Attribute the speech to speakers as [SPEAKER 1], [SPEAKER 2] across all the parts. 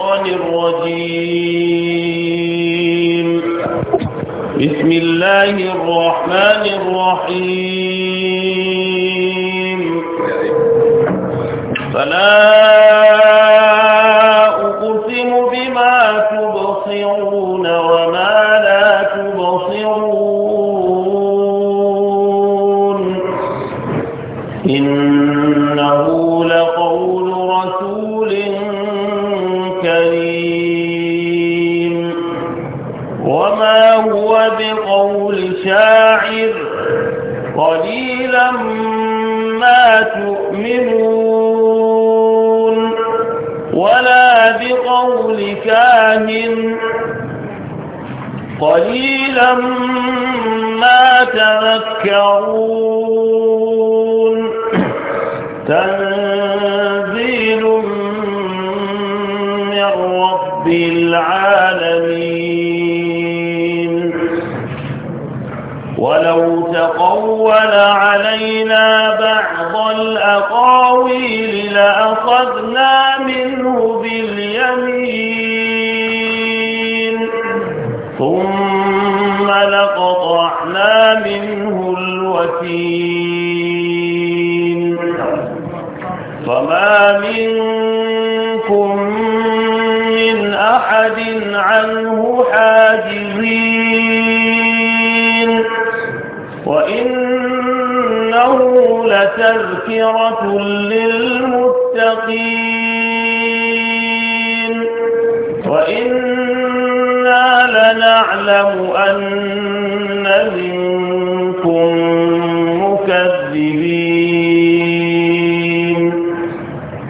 [SPEAKER 1] الشيطان الرجيم بسم الله الرحمن الرحيم أول علينا تذكرة للمتقين وإنا لنعلم أن منكم مكذبين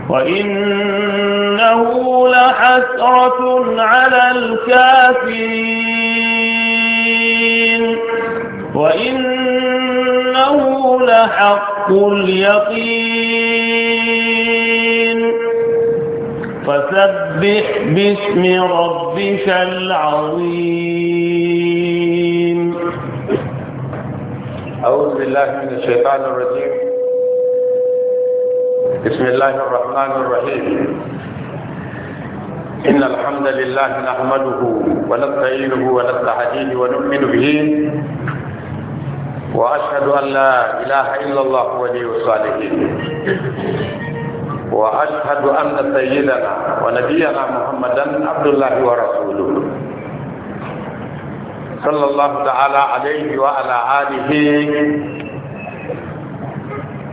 [SPEAKER 1] وإنه لحسرة على الكافرين وإنه لحق اليقين فسبح باسم ربك العظيم
[SPEAKER 2] أعوذ بالله من الشيطان الرجيم بسم الله الرحمن الرحيم إن الحمد لله نحمده ونستعينه ونستهديه ونؤمن به وأشهد أن لا إله إلا الله ولي الصالحين
[SPEAKER 3] وأشهد أن سيدنا ونبينا محمدا عبد الله
[SPEAKER 2] ورسوله صلى الله تعالى عليه وعلى آله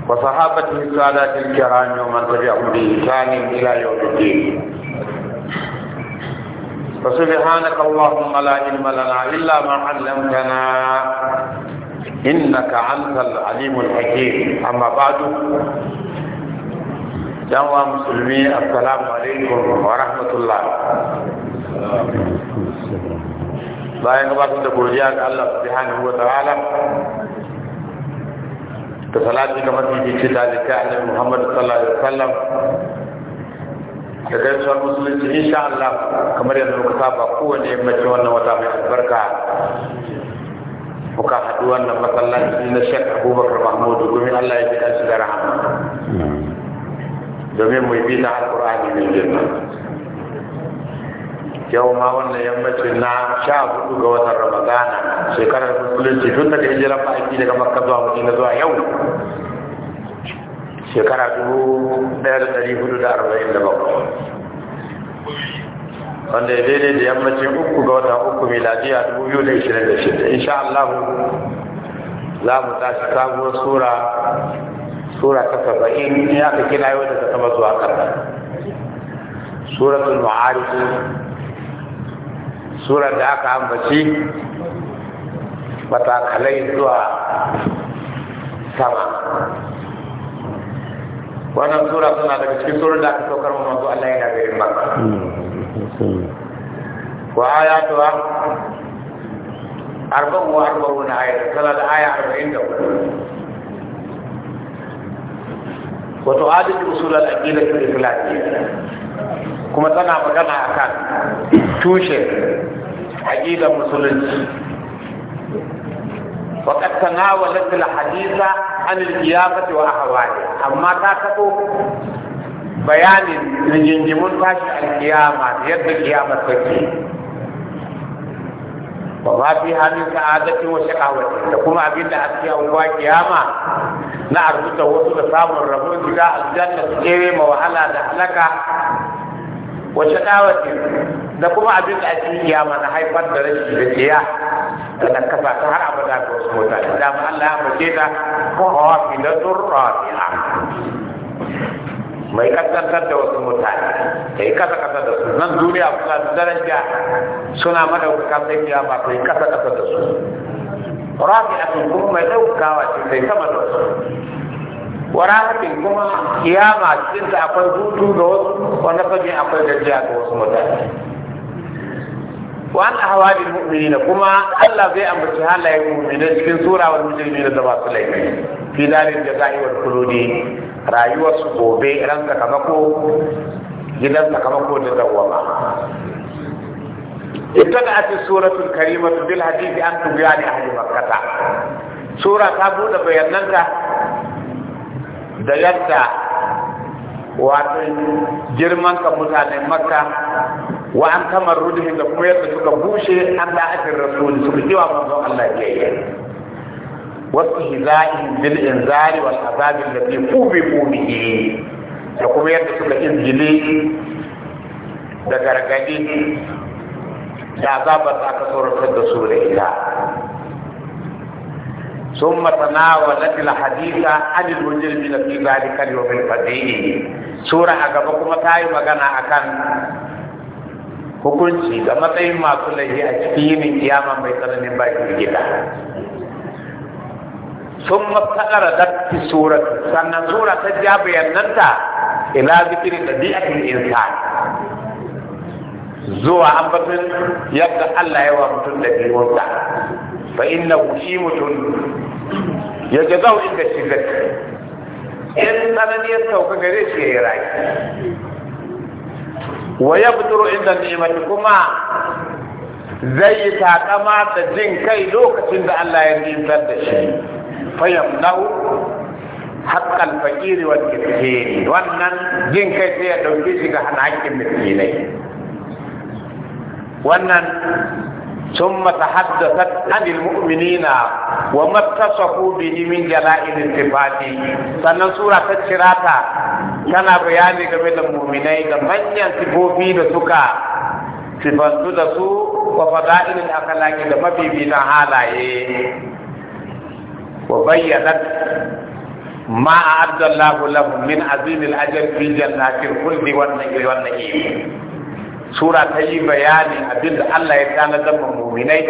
[SPEAKER 2] وصحابته السادات الكرام ومن تبعهم بإحسان إلى يوم الدين فسبحانك اللهم لا علم لنا إلا ما علمتنا إنك أنت العليم الحكيم أما بعد جوا مسلمين السلام عليكم ورحمة الله bayan gabatar da godiya ga Allah subhanahu wa ta'ala da salati ga mafificin dalika annabi Muhammad sallallahu alaihi wasallam da gaisuwar musulunci insha Allah kamar yadda muka saba kowane yammacin wannan wata mai albarka muka haɗu wannan masallaci na shek abubakar mahmudu domin allah ya fi ɗansu da rahama domin mu bi na alƙur'ani mai girma yau ma wannan yammacin na sha hudu ga watan ramadana shekarar musulunci tun daga hijirar ma'aiki daga makka zuwa madina zuwa yau shekara dubu ɗaya da ɗari hudu da arba'in da bakwai wanda ya daidai da yammacin uku ga wata uku miladiya 2026 insha Allah za mu tashi sabuwar sura sura ta saba'in ya aka kira yau daga sama zuwa ƙasa suratul ma'arif surar da aka ambaci matakalai zuwa sama wannan sura suna daga cikin surar da aka saukar manzo Allah yana garin Makka hmm. وآياتها أربع وأربعون آية ثلاث آية أربعين دولة وتعادل أصول العقيدة الإسلامية كما تنا مغنى أكان توشي عقيدة مسلمة وقد تناولت الحديث عن القيامة وأحوالها أما تاكتو بيان من ينجمون فاشي القيامة يد القيامة تكي wa ma fi ka adati wa shaqawati da kuma abin da ake anguwa kiyama na arzuta wasu da samun rabon shiga aljanna su kere ma wahala da halaka wa shaqawati da kuma abin da ake kiyama na haifar da rashin da tsiya da na kafa ta har abada ga wasu mutane da Allah ya mace ta ko hawa fi na turra fi mai kasantar da wasu mutane da yi kasa kasa da su nan duniya suna da daraja suna madaukakan sai ba to yi kasa kasa da su
[SPEAKER 3] rafi a kuma mai daukawa ce sai sama da wasu.
[SPEAKER 2] warahatin kuma kiyama cikin ta akwai hutu ga wasu wanda fage akwai gajiya ga wasu mutane wa an ahwali mu'minin kuma Allah zai ambaci halayen mu'minin cikin sura wal mujrimin da masu laifi fi dalil jaza'i wal khuludi rayuwar su gobe ran sakamako gidan sakamako da dawama ita da ake surafin karima tu bil hadisi an ya ne ahli makkata sura ta buɗe bayananta da yadda wato girman ka mutanen makka wa an kamar rudhi da kuma yadda suka bushe an da ake rasuli suka kiwa manzon Allah ya yi واستهزائهم بالإنذار والعذاب الذي كذبوا به da kuma yadda suka injili da gargadi da azabar da aka tsoratar da su da ita sun matana wa latin hadisa anil mujirmi na fi zalika yawmin fadili sura a gaba kuma ta yi magana akan hukunci da matsayin masu laifi a cikin yinin kiyama mai tsananin bakin gida sun mafaɗara da surat sannan sura ta ja bayananta ila zikirin da bi'atul insan zuwa ambatin yadda Allah ya wa mutum da biyunsa fa innahu shi mutum ya jazau inda zai. in tsanani ya sauka gare shi ya yi raki wa ya buduru inda ni'imati kuma zai yi takama da jin kai lokacin da Allah ya nimtar da shi nau haqqal fakiri wal miskini wannan jin kai sai ya dauke shi ga hana haƙƙin miskinai wannan ثم تحدثت عن المؤمنين wa اتصفوا min jala irin الصفات sannan sura ta cirata tana bayani game da mu'minai da manyan sifofi da suka sifantu da su wa irin akalaki da mabibitan halaye وبينت ما أعد الله لهم من عظيم الأجر في جنات الخلد والنعيم sura ta yi bayanin abin Allah ya tanadar ma muminai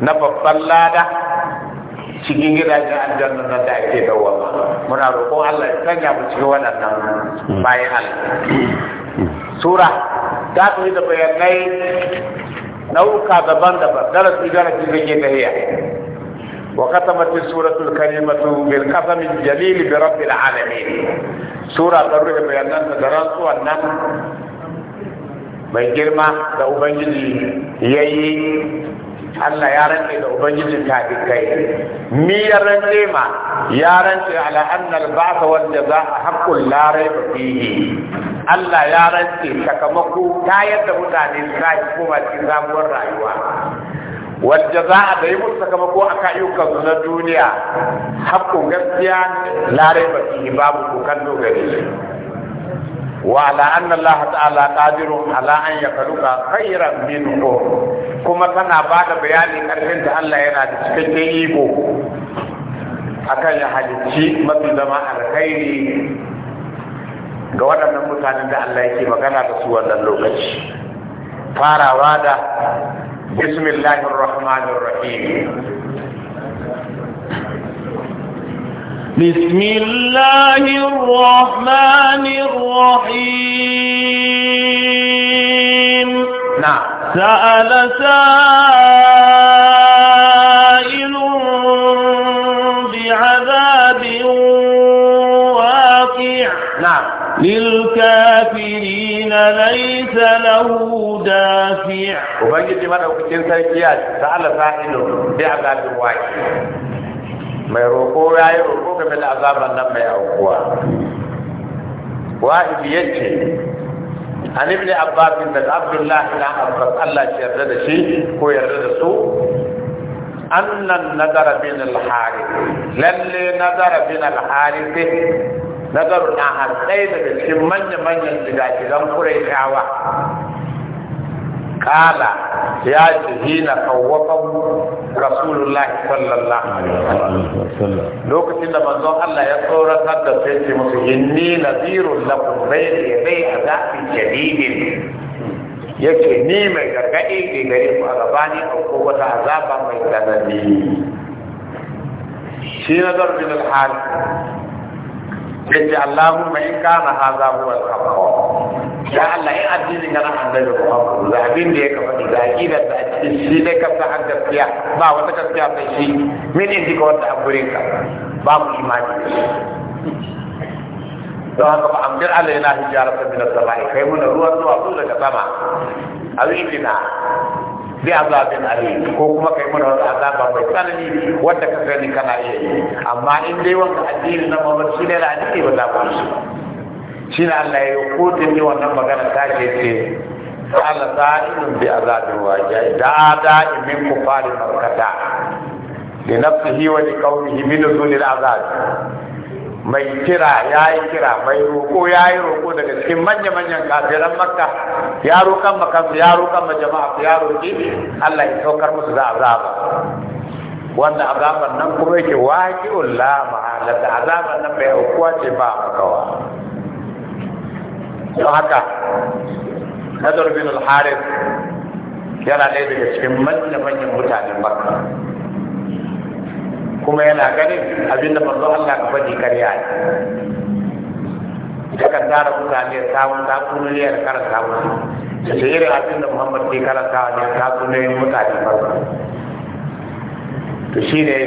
[SPEAKER 2] na babban lada cikin gidajen aljanna na da ake dawa muna roƙon Allah ya sanya mu cikin waɗannan bayan Allah sura ta tafi da bayanai nauka daban-daban darasi darasi ke وختمت السورة الكريمة بالقسم الجليل برب العالمين سورة الروح بيانان دراسوا النم mai girma da ubangiji ya yi allah ya rantse da ubangijin kai mi ya rantse ma ya rantse ala annal ba'sa wal jazaa haqqul la rayba allah ya rantse sakamako ta yadda mutane su koma sabuwar rayuwa wadda za a da yi musu sakamako a ka'ayyukansu na duniya hakkun gaskiya larai ba su yi babu kukan dogari ne wa ala anna Allah ta'ala qadirun ala an yakhluqa khayran minhu kuma tana bada bayani karfin da Allah yana da cikakken iko akan ya halicci mafi zama alkhairi ga waɗannan mutanen da Allah yake magana da su wannan lokaci farawa da بسم الله الرحمن الرحيم
[SPEAKER 1] بسم الله الرحمن الرحيم نعم سأل سائل بعذاب واقع نعم للكافرين الَّذِينَ لَيْسَ لَهُ دَافِعُ وبنجي ما دوك تين ساي كياد تعالى فاحلو بي عبد
[SPEAKER 2] الله الواحد ما يروقو يا يروقو من العذاب لما يروقو واحد بيجي هو يرضى أن na garu na har ɗaya daga cikin manya-manyan gidajen kurai shawa kala ya ce hina kawwafan rasulullahi sallallahu alaihi wasallam lokacin da manzon Allah ya tsoratar da sai ce musu inni nazirun lakum bayna yaday azabin shadidin yake ni mai gargaɗi ke gare ku a gabani a ko wata azaba mai tsanani shi na zarbin alhali yace Allahumma in kana hadha huwa al-haqq ya Allah in addinin kana annabi Muhammad da abin da ya kafa da aqidar da shi ne ka ta gaskiya ba wata gaskiya sai shi min indi ka wata aburin ka babu imani don haka ba amdir alaina hijaratan min as-sama'i kai mun ruwan zuwa daga sama awidina bi azabin alim ko kuma kai mana da azaba mai tsanani wanda ka sani kana iya yi amma in dai wannan addini na Muhammad shi ne da addini ba za ku shi shi ne Allah ya yi kotun yi wannan magana ta ce ce Allah sa'ilun bi azabin wajiya da da min kufari markata li nafsihi wa li qawmihi min nuzulil azab mai kira ya yi kira mai roƙo ya yi roƙo daga cikin manya-manyan kafiran makka ya roƙan makansu ya roƙan ma jama'a ya roƙi Allah ya saukar musu da azaba wannan azaban nan kuma yake waki ulla mahalata azaban nan bai aukuwa ce ba makawa don haka Nadar bin al-Harith yana ɗaya daga cikin manya-manyan mutanen Makka kuma yana ganin abin da manzo Allah ka faɗi karya ne ka tara mutane samun takunuliyar karanta musu da irin abin da Muhammad ke karanta ne takunuliyar mutane farko to shi ne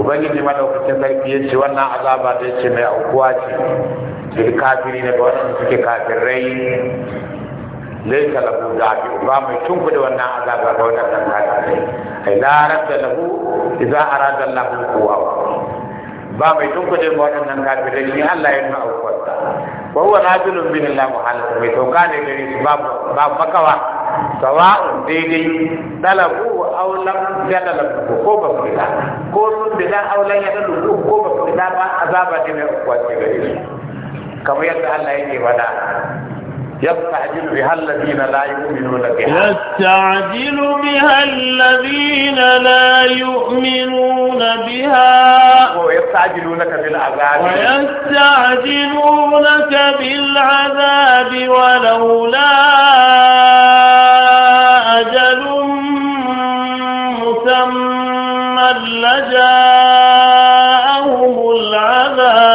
[SPEAKER 2] ubangiji madaukakin sarki ya ce wannan azaba da ya ce mai aukuwa ce da kafiri ne ga waɗanda suke kafirai laisa lahu dafi ba mai tunkuda wannan azaba ga wannan kankara ai la radda lahu idza arada lahu quwa ba mai tunkuda wannan kafirai shi Allah ya nuna aukwata wa huwa nazilun bin Allah muhallu mai sauka ne gare shi ba ba makawa sawa'un daidai dalabu aw lam yadalabu ko ba su da ko sun da aw lam yadalabu ko ba su da ba kamar yadda Allah yake faɗa يستعجل
[SPEAKER 1] بها الذين لا يؤمنون بها يستعجل بها الذين لا يؤمنون بها ويستعجلونك بالعذاب ويستعجلونك بالعذاب ولولا أجل مسمى لجاءهم العذاب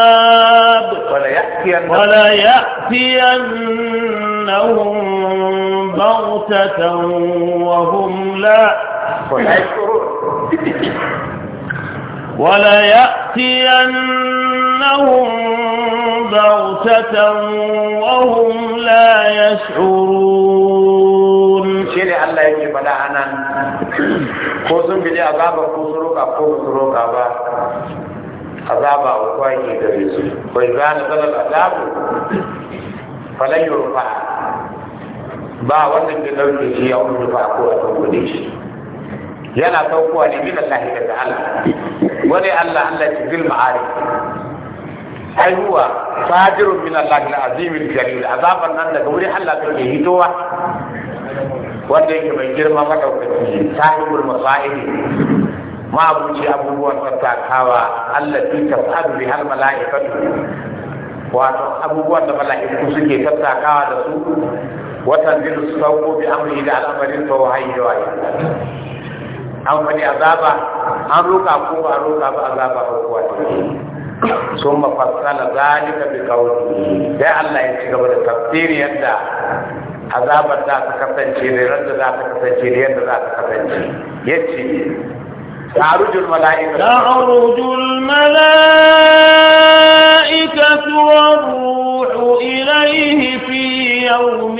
[SPEAKER 1] يأتي بغتة وهم لا وليأتينهم بغتة وهم لا يشعرون شيني الله يجي بلا أنا كوزن
[SPEAKER 2] بلي أبابا كوزروك أبو كوزروك أبا azaba ukwai gare su bai zana zalar azabu falan ba wannan da dauke shi ya wuri ba ko a sauko da shi yana saukowa ne min Allah daga Allah wani Allah Allah ci bil ma'arif ai huwa fadirun min Allah al-azim al-jalil azaban nan daga wuri Allah kake hitowa wanda yake mai girma madaukaki sahibul masaibi ma abuci abubuwan tattakawa Allah fi tafadu bi hal mala'ikatu wato abubuwan da mala'iku suke tattakawa da su watan da su sauko an amri da al'amarin ba wa da wahayi an faɗi azaba an roka ko ba a roka ba azaba ko kuwa sun mafassala zalika bi kawai dai Allah ya ci gaba da tafsiri yadda azabar za ta kasance da yadda za ta kasance da yadda za ta kasance yace تعرج الملائكة تعرج
[SPEAKER 1] الملائكة والروح إليه في يوم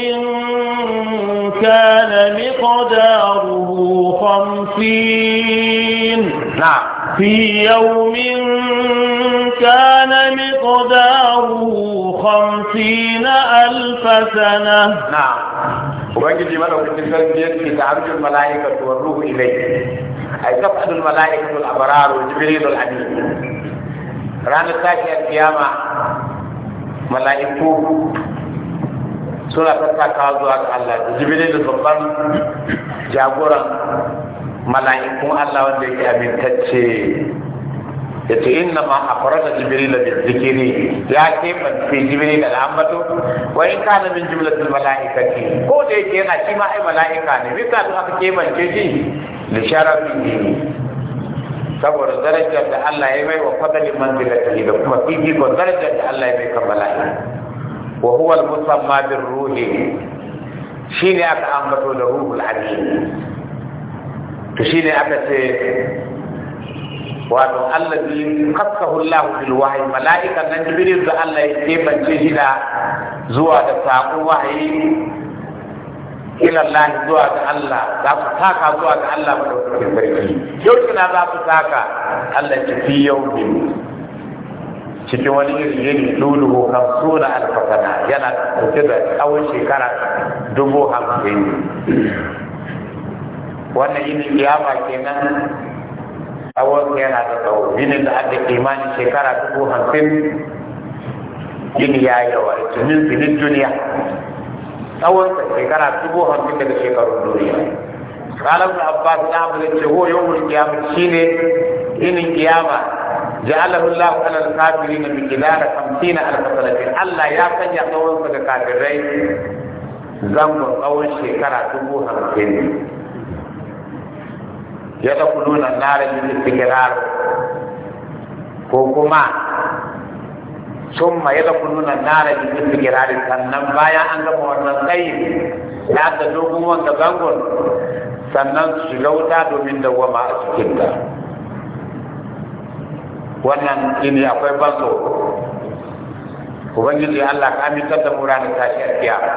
[SPEAKER 1] كان مقداره خمسين نعم في يوم كان مقداره خمسين ألف سنة نعم
[SPEAKER 2] وجد ملك يكفي تعرج الملائكة والروح إليه ay tafadul malaikatul abraru jibrilul amin ranar tashi kiyama mala'iku suna tattakawa zuwa ga Allah jibrilu babban jagoran mala'ikun Allah wanda yake amintacce ya ce inna ma a farar da jibiri da zikiri ya ke fi jibiri da ambato wa in ka na min jumlatul mala'ikati ko da yake yana shi ma ai mala'ika ne bisa da aka ce shi da sharafin saboda darajar da Allah ya mai wa fadalin manzilatihi da kuma fifikon darajar da Allah ya mai kan mala'i wa huwa musamma bir ruhi aka ambato da ruhul amin to ne aka ce wato allazi khassahu Allah bil wahyi mala'ikan nan jibril da Allah ya kebance shi da zuwa da sakon wahayi ilallahi zuwa ga Allah za ku taka zuwa ga Allah madaukakin sarki yau kina za ku taka Allah ki fi yau biyu cikin wani irin yini luluhu hamsuna alfasana yana kuke da tsawon shekara dubu hamsin wannan yini kiyama kenan tsawon yana da tsawo yinin da ake imanin shekara dubu hamsin yin ya yawa tumin filin duniya tsawon shekara dubu hamsin daga shekarun duniya kalan abbas na abu da ce ho yawon kiyama shine yinin kiyama ja'alahu Allah ala al-kafirin min qidar 50 alf sanatin Allah ya sanya tsawon kafirai zangon tsawon shekara dubu hamsin ya da kuluna nare min istiqrar ko kuma sun ma yadda kununa nara jikin sigirari sannan bayan an gama wannan tsayin ya da dogon wanda bangon sannan domin a wannan ini akwai ban ubangiji Allah ka ta da mura da tashi a kiyama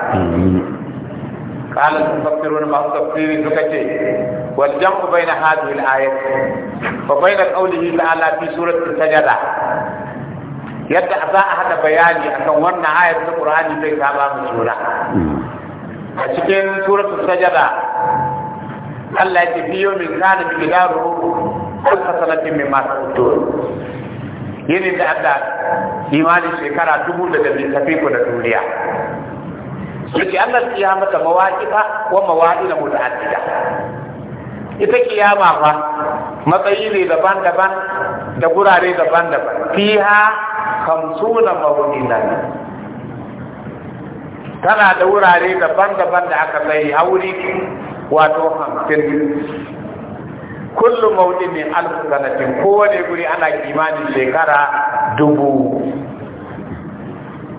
[SPEAKER 2] قال المفسرون ما هو تفسير سكتي والجمع بين هذه الآية وبين قوله تعالى في سورة السجدة yadda za a haɗa bayani akan wannan ayar na Qur'ani zai saba mu juna a cikin suratul sajada Allah ya fi min kana bidaru alf sanatin min ta'udun yini da Allah imani shekara dubu da dabi tafi ku da duniya yake Allah ya mata mawaqifa wa mawa'ila muta'addida ita kiyama fa matsayi ne daban-daban da gurare daban-daban fiha kamsuna mawudinan tana da wurare daban-daban da aka tsaye hauri wato hamsin kullu maulidin alfu sanatin kowane guri ana kimanin shekara dubu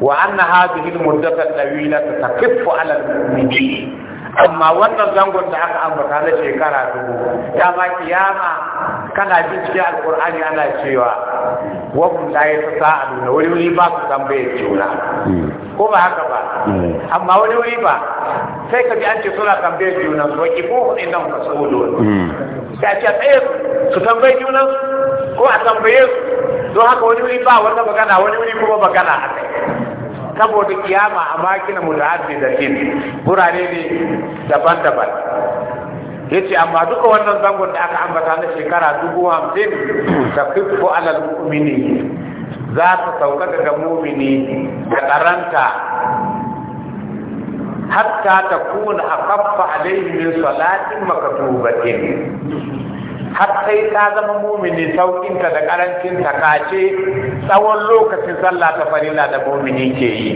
[SPEAKER 2] wa anna hadhihi al-muddat al-tawila tatakiffu ala al-mu'minin amma wannan zangon da aka ambata na shekara dubu ya ma kiyama kana bincike alkur'ani ana cewa ya la a duniya, wani wuri ba su tambaye juna ko ba haka ba mm. amma wani wuri ba sai ka bi an ce suna tambaye juna su waki ko hudu nan su masulun mm. a ce tsaye su tambaye juna ko a tambaye su don haka wani wuri ba wanda magana wani wuri kuma magana a kai saboda kiyama a makina
[SPEAKER 4] mutahaddidatin
[SPEAKER 2] burane ne daban-daban yace amma duka wannan zangon da aka ambata na shekara dubu hamsin tafifu alal mu'mini za ta sauka daga mumini da karanta hatta
[SPEAKER 3] ta kuna a kaffa alaihi min salatin makatubatin
[SPEAKER 2] har sai ta zama mumini sauƙinta da karancin ta kace tsawon lokacin sallah ta farila da mumini ke yi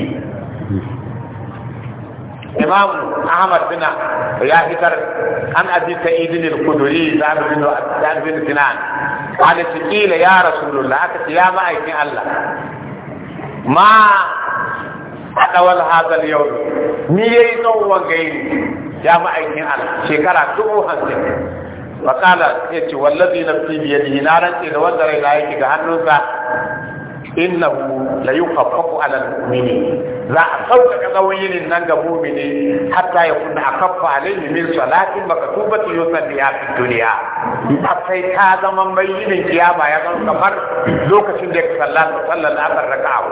[SPEAKER 2] imam ahmad bin ya fitar an abi ta idin al quduri da bin da bin sinan qala ya rasulullah aka ya ma'aikin allah ma adawal hadal yau ni yayi tawwa gairi ya ma'aikin allah shekara 250 wa kala ya ce wallazi nafsi bi yadihi na rance da wanda rai na yake ga hannunsa innahu la yukhaffafu ala al-mu'mini za a sauƙaƙa tsawon yinin nan ga mu'mini hatta ya kunna akaffa alaihi min salatin makatubati yusalli ya fi duniya har sai ta zama mai yinin kiyama ya zama kamar lokacin da ya sallata sallar asar raka'a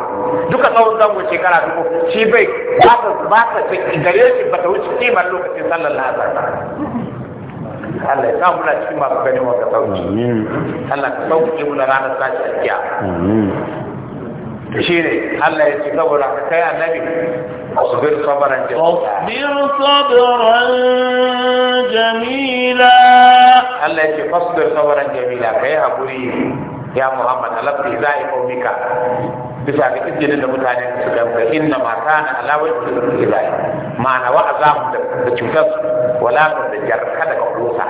[SPEAKER 2] duka tsawon zango shekara duku shi bai ba ta ba ta gare shi ba ta wuce kimar lokacin sallar asar Allah ya samu na cikin masu ganin wanda sauki Allah ka sauke mu na ranar sashi a kiya shi ne Allah ya ci saboda ka kai annabi اصبر صبرا جميلا اصبر صبرا
[SPEAKER 1] جميلا الله يجي فاصبر
[SPEAKER 2] صبرا جميلا ya muhammad يا محمد ألبت إذا قومك bisa ga izinin da mutane suka ga inna ma kana ala wajhi al ma'ana wa azam da cutar wala da jarka daga kusa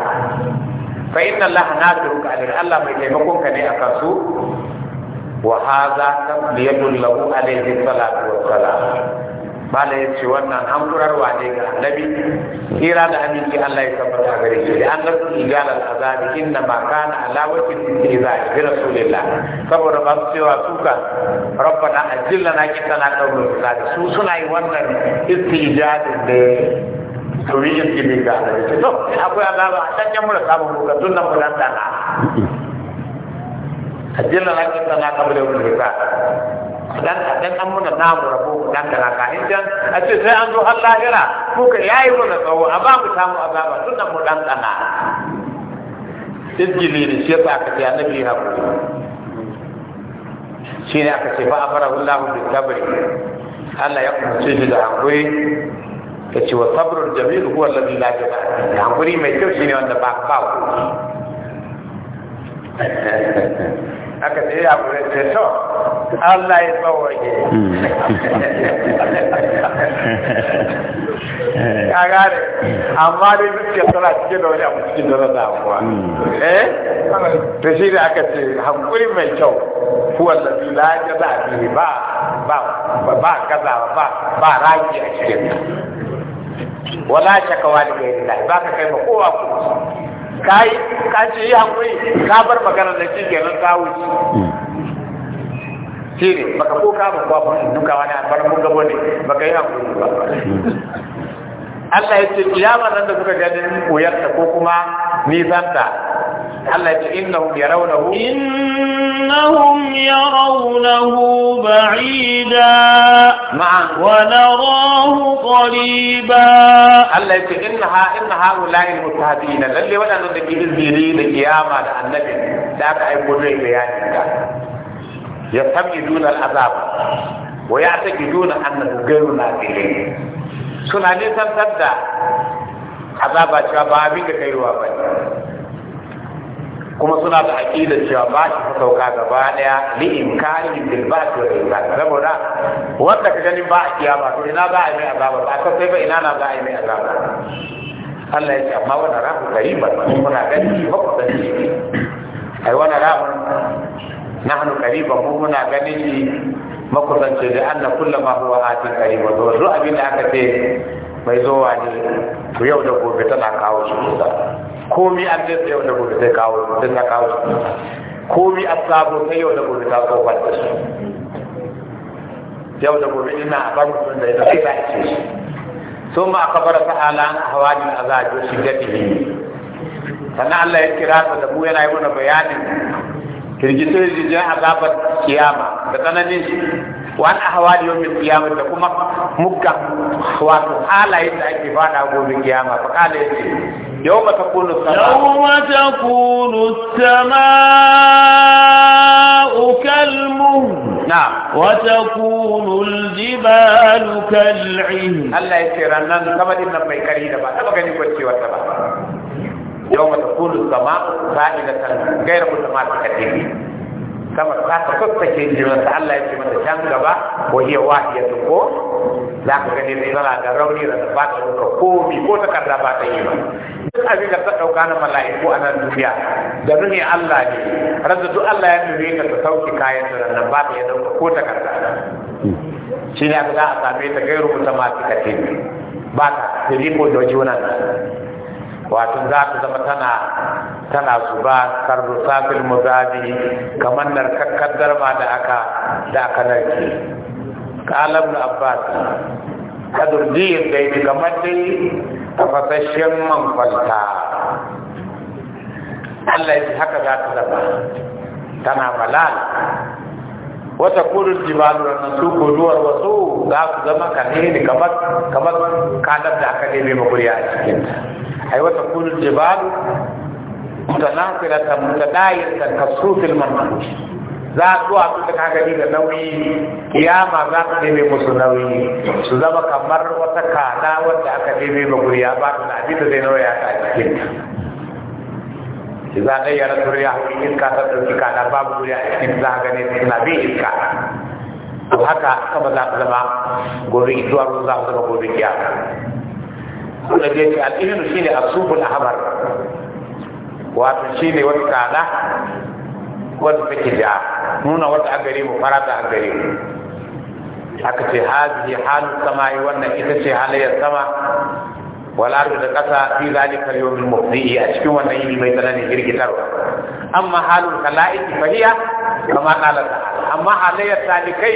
[SPEAKER 2] fa inna allah na ka alil allah mai taimakon ka ne akan su wa hadha tabliyatun lahu alaihi salatu wa salam bala ya ce wannan hamdurarwa ne ga annabi kira da aminci Allah ya tabbata gare shi da annabi igal al-azabi inna ma kana ala wajhi a izai bi rasulillah saboda ba su cewa suka rabbana ajillana kawo da su suna yi wannan istijadin da domin yin kimin ga annabi to akwai azaba a can mura samun bukatun nan mu a dana ajillana kitana na al wani dan dan an muna namu rabo mu dan galaka in dan a ce sai an zo har lahira ko ka yayi muna tsawo a ba mu samu azaba tun da mu dan kana izgili ne shi ba ka ce annabi ha ku shi ne aka ce ba amarahu Allahu bi sabri Allah ya umarce shi da hankuri ya ce wa sabrul jamil huwa alladhi la hankuri mai kyau shine wanda ba ba ku aka ce ya kure ce to Allah ya tsawoke ka gane amma dai zuciya tana cikin da wani abu cikin da na damuwa eh to shi da aka ce hankuri mai kyau huwa lafi la jaza bihi ba ba ba kaza ba ba raki a cikin wala shakawa da gairi ba ka kai ma kowa kuma ka yi ka ce yi haƙuri ka bar magana da shi ke ka kawo shi ne baka ko ka ba ba duka wani a bar mun gabo ne baka yi haƙuri ba Allah ya ce kiyama nan da kuka ganin koyarta ko kuma nisanta Allah ya ce innahu yarawnahu
[SPEAKER 1] إنهم يرونه بعيدا نعم. ونراه قريبا
[SPEAKER 2] الله يقول إنها إن هؤلاء المتهدين للي ولا ننجي الزيري القيامة النبي لا تعبوا لي بيانك يستمجدون العذاب ويعتقدون أنه غير نازلين suna nisantar da azaba cewa ba abin da kaiwa kuma suna da aƙidar cewa ba shi ta sauka gaba ɗaya li imkani bil ba shi wa imkani saboda wanda ka gani ba a kiyama to ina za a yi mai azaba ba ka sai ba ina na za a yi mai azaba Allah ya ce amma wannan rahu ba muna ganin shi makusanci ne ai wannan rahun nahnu kariban mu muna ganin shi makusanci da anna wa huwa atin kariban to duk abin da aka ce mai zowa ne to yau da gobe tana kawo shi kusa komi an da yau da gobe sai kawo sai na kawo komi a sabo sai yau da gobe ta kawo da su yau da gobe ina a ban gudun da ita sai ta ake shi sun ma kabar ta'ala na hawani a a za zaɓi shi ne. sannan Allah ya kira ta da mu yana yi mana bayanin kirgisar jirgin azabar kiyama da tsananin shi Wan ahwali yawmin qiyamah da kuma wa wato halayen da ake fada gobe kiyama fa kala yace
[SPEAKER 1] yawma takunu sama yawma takunu sama kalmuh نعم وتكون الجبال كالعهن الله يسير أننا كما دينا
[SPEAKER 2] ما يكرهي دبا أما كان يقول شيء وتبا يوم تكون السماء سائلة ta متماسكة sama za ka ke sassake ta Allah ya ce mata jan gaba ko iya wahiya ta ko za ka gani da tana da rauni da ba ta ko komi ko takarda ba ta yi ba duk abin da ta ɗauka na mala'iku a nan duniya da ne Allah ne razzatu Allah ya nuni ka ta sauki kayan da nan ba ta ya ko ko takarda shi ne aka za a same ta gairu mutum ma suka ba ta da riko da wajen wato za ta zama tana tana zuba karrusafil muzadi kamar narkakkar darma da aka da aka narke kalam na abbas kadurdiyar da yake kamar dai tafasashen man kwalta Allah ya haka za ta zama tana malal wata kodin jimalu na su ko duwar wasu za su zama kare ne kamar kamar kadar da aka neme maguriya a cikin ta ai wata kodin jibalu ta kasu filman manhaj za a zuwa su da kagani da nauyi kiyama za ka neme musu nauyi su zama kamar wata kada wanda aka neme ya ba da abin da zai nauya a cikin ta za a yara turiya iska ta ɗauki kada babu turiya a cikin za a gane suna iska to haka kama za ta zama gobe zuwa ruwa za ka zama gobe kiya suna da yake al'ilmu shine asubul habar wato ne wata kada wata take da nuna wata a gare mu farata a gare mu aka ce hazihi halin sama wannan ita ce halayyar sama wala da kasa fi zalika al-yawm al-mufdi a cikin wannan yini mai tsananin girgitar. amma halul khalaiq fahiya kama qala amma halayyar salikai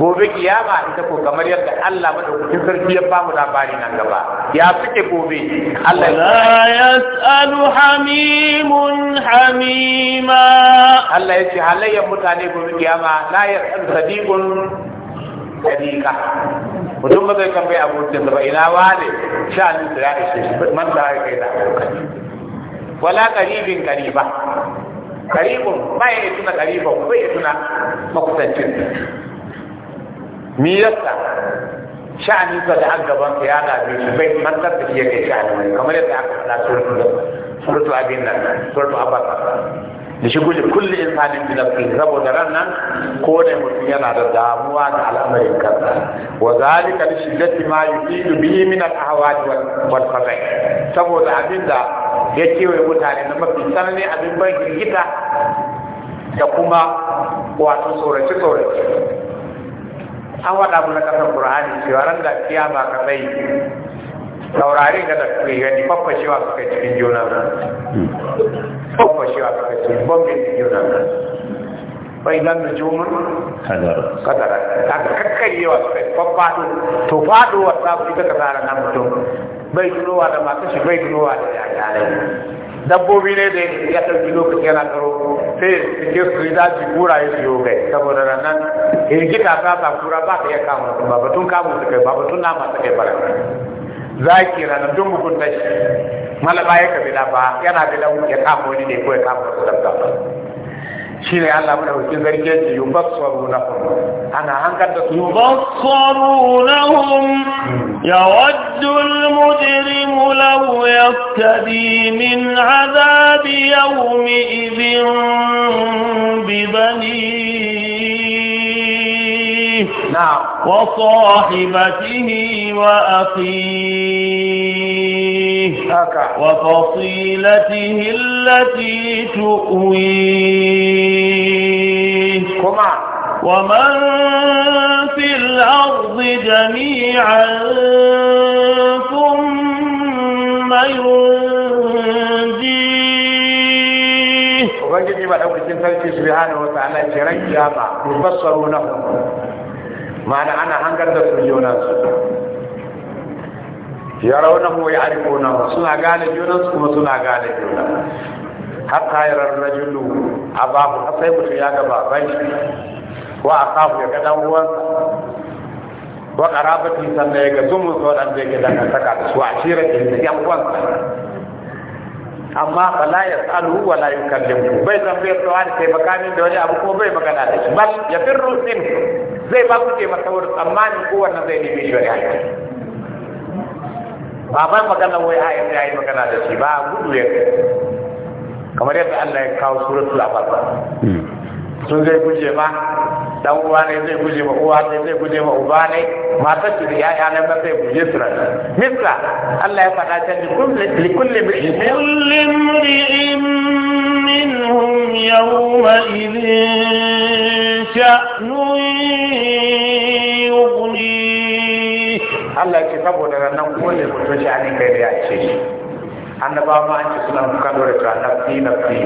[SPEAKER 2] gobe kiyama ita ko kamar yadda Allah madaukakin sarki ya ba mu labari nan gaba ya suke gobe Allah la
[SPEAKER 1] yasalu hamimun
[SPEAKER 2] hamima Allah ya ce halayyar mutane gobe kiyama la yasalu sadiqun sadiqa mutum ba zai abu da ba ina wane ni ya ishe shi man da kai da wala karibin kariba karibun ba ya tuna karibun ba ya tuna makusancin mi yasa sha'anin sa da gaban ya ya gabe shi bai man da shi yake ni kamar yadda aka faɗa surtu abin nan surtu abin nan da shi guje kulli insanin bi nafsihi saboda rannan ko da mutum yana da damuwa da al'amarin kansa wa zalika li shiddati ma yufidu bihi min al-ahwal wal fasad saboda abinda ya kewaye mutane na mafi tsananin abin ban girgita da kuma wato tsorace tsorace an waɗa mu na ƙasar Qur'ani cewa ran da kiyama ka tsayi saurare ga da shi fafashewa suka cikin juna hmm. kwakwa shi a kakashin da yau nan bai nan da jumun kadara kaga kakkaryewa su kai faɗo to faɗowa ta fi ta kasara na mutum bai tunowa da matashi bai tunowa da yaya dabbobi ne da ya ɗauki lokaci yana karo sai suke su yi daji kura ya siyo kai saboda ranar hirgita ta sa kura ba ta iya kama ba batun kamun su kai ba batun nama su kai bara zakira don mutum da shi malaba ka kabila ba yana bila ya kama wani ne ko ya kama wasu da ba shi ne Allah muna hukun zarge ce yi baswaru na
[SPEAKER 1] ana hankar da su yi baswaru na hun hmm. ya waddul mujrimu lau ya tabi min azabi yau نعم وصاحبته وأخيه وفصيلته التي تؤويه ومن في الأرض جميعا ثم ينجيه
[SPEAKER 2] وفصيلته التي تؤويه تنفلت سبحانه وتعالى ترجع ما يبصرونه ma'ana ana hangar da su junansu ya ko ya Su suna gane junansu kuma suna gane juna hatta ya rarrajulu a babu har sai ya ga baban shi ko a kafu ya ga dan uwansa wa karabatin sannan ya ga zumun waɗanda ya ga dangantaka da su a shirin da yan amma ba la yas'alu wa la yukallimu bai tambayar da wani sai bakamin da wani abu ko bai magana da shi bal ya firru sin zai ba ku ce masa wurin tsammani ko wannan zai nemi shi wani ba ba magana wai a yanzu yayi magana da shi ba gudu ya kamar yadda Allah ya kawo suratul al mutum zai guje ba dan uwa ne zai guje ba uwa ne zai guje ba uba ne matar da yaya ne ba zai guje su rana misra
[SPEAKER 1] Allah ya faɗa ta ni kulli bi kulli mri'in minhum yawma idhin sha'nun yughni Allah ya ce saboda nan kowane mutum
[SPEAKER 2] sha'anin kai da ya ce annabawa ma an suna kuka dore ta annabi nafi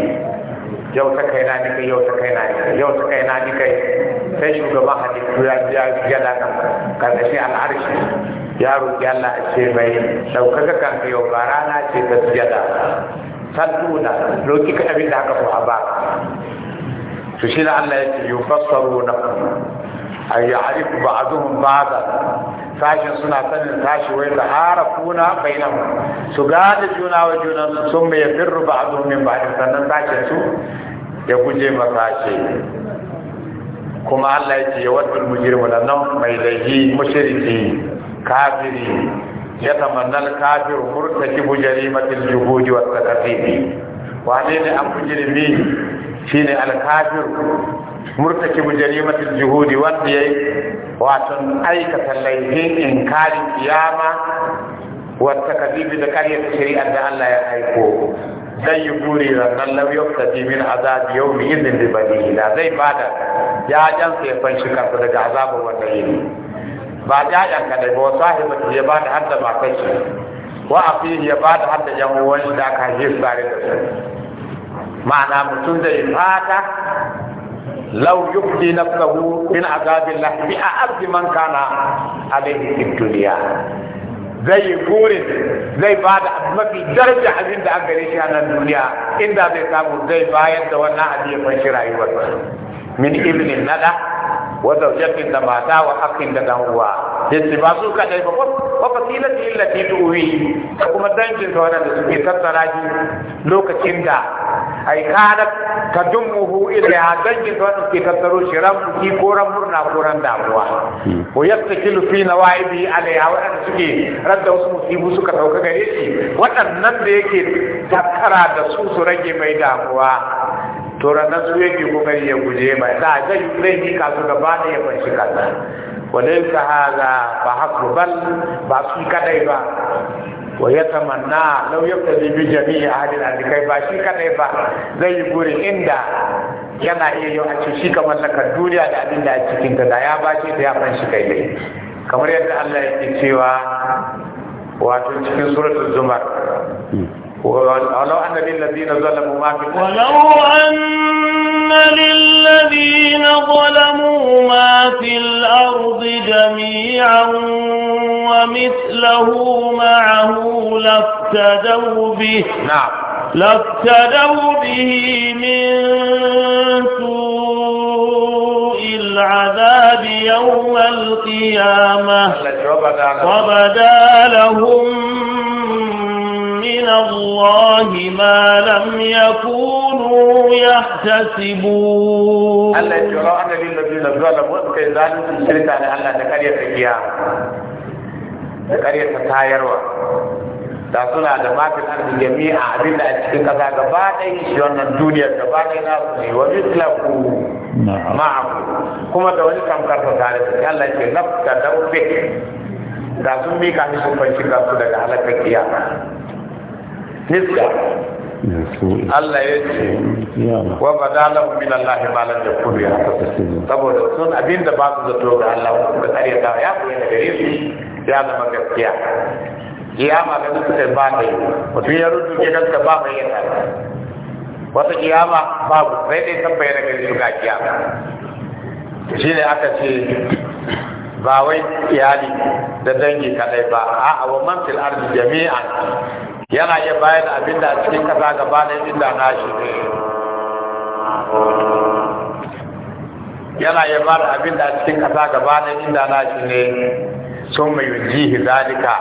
[SPEAKER 2] yau ta kai na ni kai yau ta kai na ni kai yau ta kai na ni kai sai shugaban halittu ya ya gada kan karkashin al'arshi ya roƙi Allah a ce mai ɗaukaka kanka yau ba rana ce ta sujada salluna roƙi ka abin da aka so a ba to shi da Allah ya ce yufassaru na ay ya'rifu ba'dhum ba'dha sashin suna sanin tashi wai da harafuna bainahu su gane juna wa juna sun mai firru ba'dhum min ba'd sannan sashin su ya guje maka kuma Allah yake ya wadul mujrimu da nan mai laifi mushriki kafiri ya tamanna al kafir murtaki bu jarimatil juhudi wat takatibi wane ne an mujrimi shine al kafir murtaki bu jarimatil juhudi wanda yayi watan aikata laifin inkarin kiyama wat takatibi da kariyar shari'ar da Allah ya aiko zai yi guri rannan lam ji min azabi yawmi idhin bi banihi da zai bada jajan sai fan shi kansa daga azabar wannan yini ba jajan ka dai ba sahibati ya bada har da matar shi wa fi ya bada har da yan uwan shi da aka haife tare da shi ma'ana mutum zai fata لو يبدي نفسه min عذاب bi بأعز man kana alayhi fid dunya zai yi burin zai ba da mafi daraja abin da an gare shi a nan duniya inda zai samu zai bayar da wannan abin ya fanshi rayuwar min ibnin nada wa zawjatin da mata wa hakkin da dan uwa yace ba su dai ba wa fasilati illati tuwi da kuma dangin da wanda suke tattara ji lokacin da ai kana tadummuhu ila jin da wanda suke tattaro shi ran ki ko ran murna ko ran damuwa wa kilu fi nawaibi alaiha wanda suke radda wasu musibu suka dauka gare shi waɗannan da yake tattara da su su rage mai damuwa to na su yake kokari ya guje ba da zai zai yi su gaba da ya fanshi kasa walil ka haza ba haku bal ba su kadai ba wa ya tamanna lau ya fadi bi jami'i ahadin alikai ba shi kadai ba zai yi guri inda yana iya yau a ce shi kamar mallakar duniya da abin da a cikin ta da ya ba shi ta ya fanshi kai dai kamar yadda Allah ya ce cewa wato cikin suratul zumar hmm. ولو أن للذين ظلموا ما في ولو
[SPEAKER 1] أن للذين ظلموا ما في الأرض جميعا ومثله معه لافتدوا به نعم لافتدوا به من سوء العذاب يوم القيامة وبدا لهم من الله ما لم يكونوا يحتسبون الله يجرى
[SPEAKER 2] أن للذين كيزان على الله da suna da mafin arzikin jami'a a cikin kasa gaba ɗaya shi wannan duniyar gaba ɗaya na su ne wani tilaku kuma da wani kamkar ta tare da nafta da sun mika daga halakar kiyama fiska Allah ya ce wa badala min Allah ma da kudu ya saboda sun abinda ba su zato ga Allah da kare ta ya koyi da gare su ya zama gaskiya ma ga suka sai ba ne mutum ya rudu ke ka ba mai ya ma ba babu sai dai san bayyana gare su ga kiyama shi ne aka ce ba wai iyali da dangi kadai ba a'a wa man fil ardi jami'an yana iya bayan abin da a cikin kasa gaba da na shi ne yana iya ba da abin da a cikin kasa gaba da na shi ne sun mai yunjihi zalika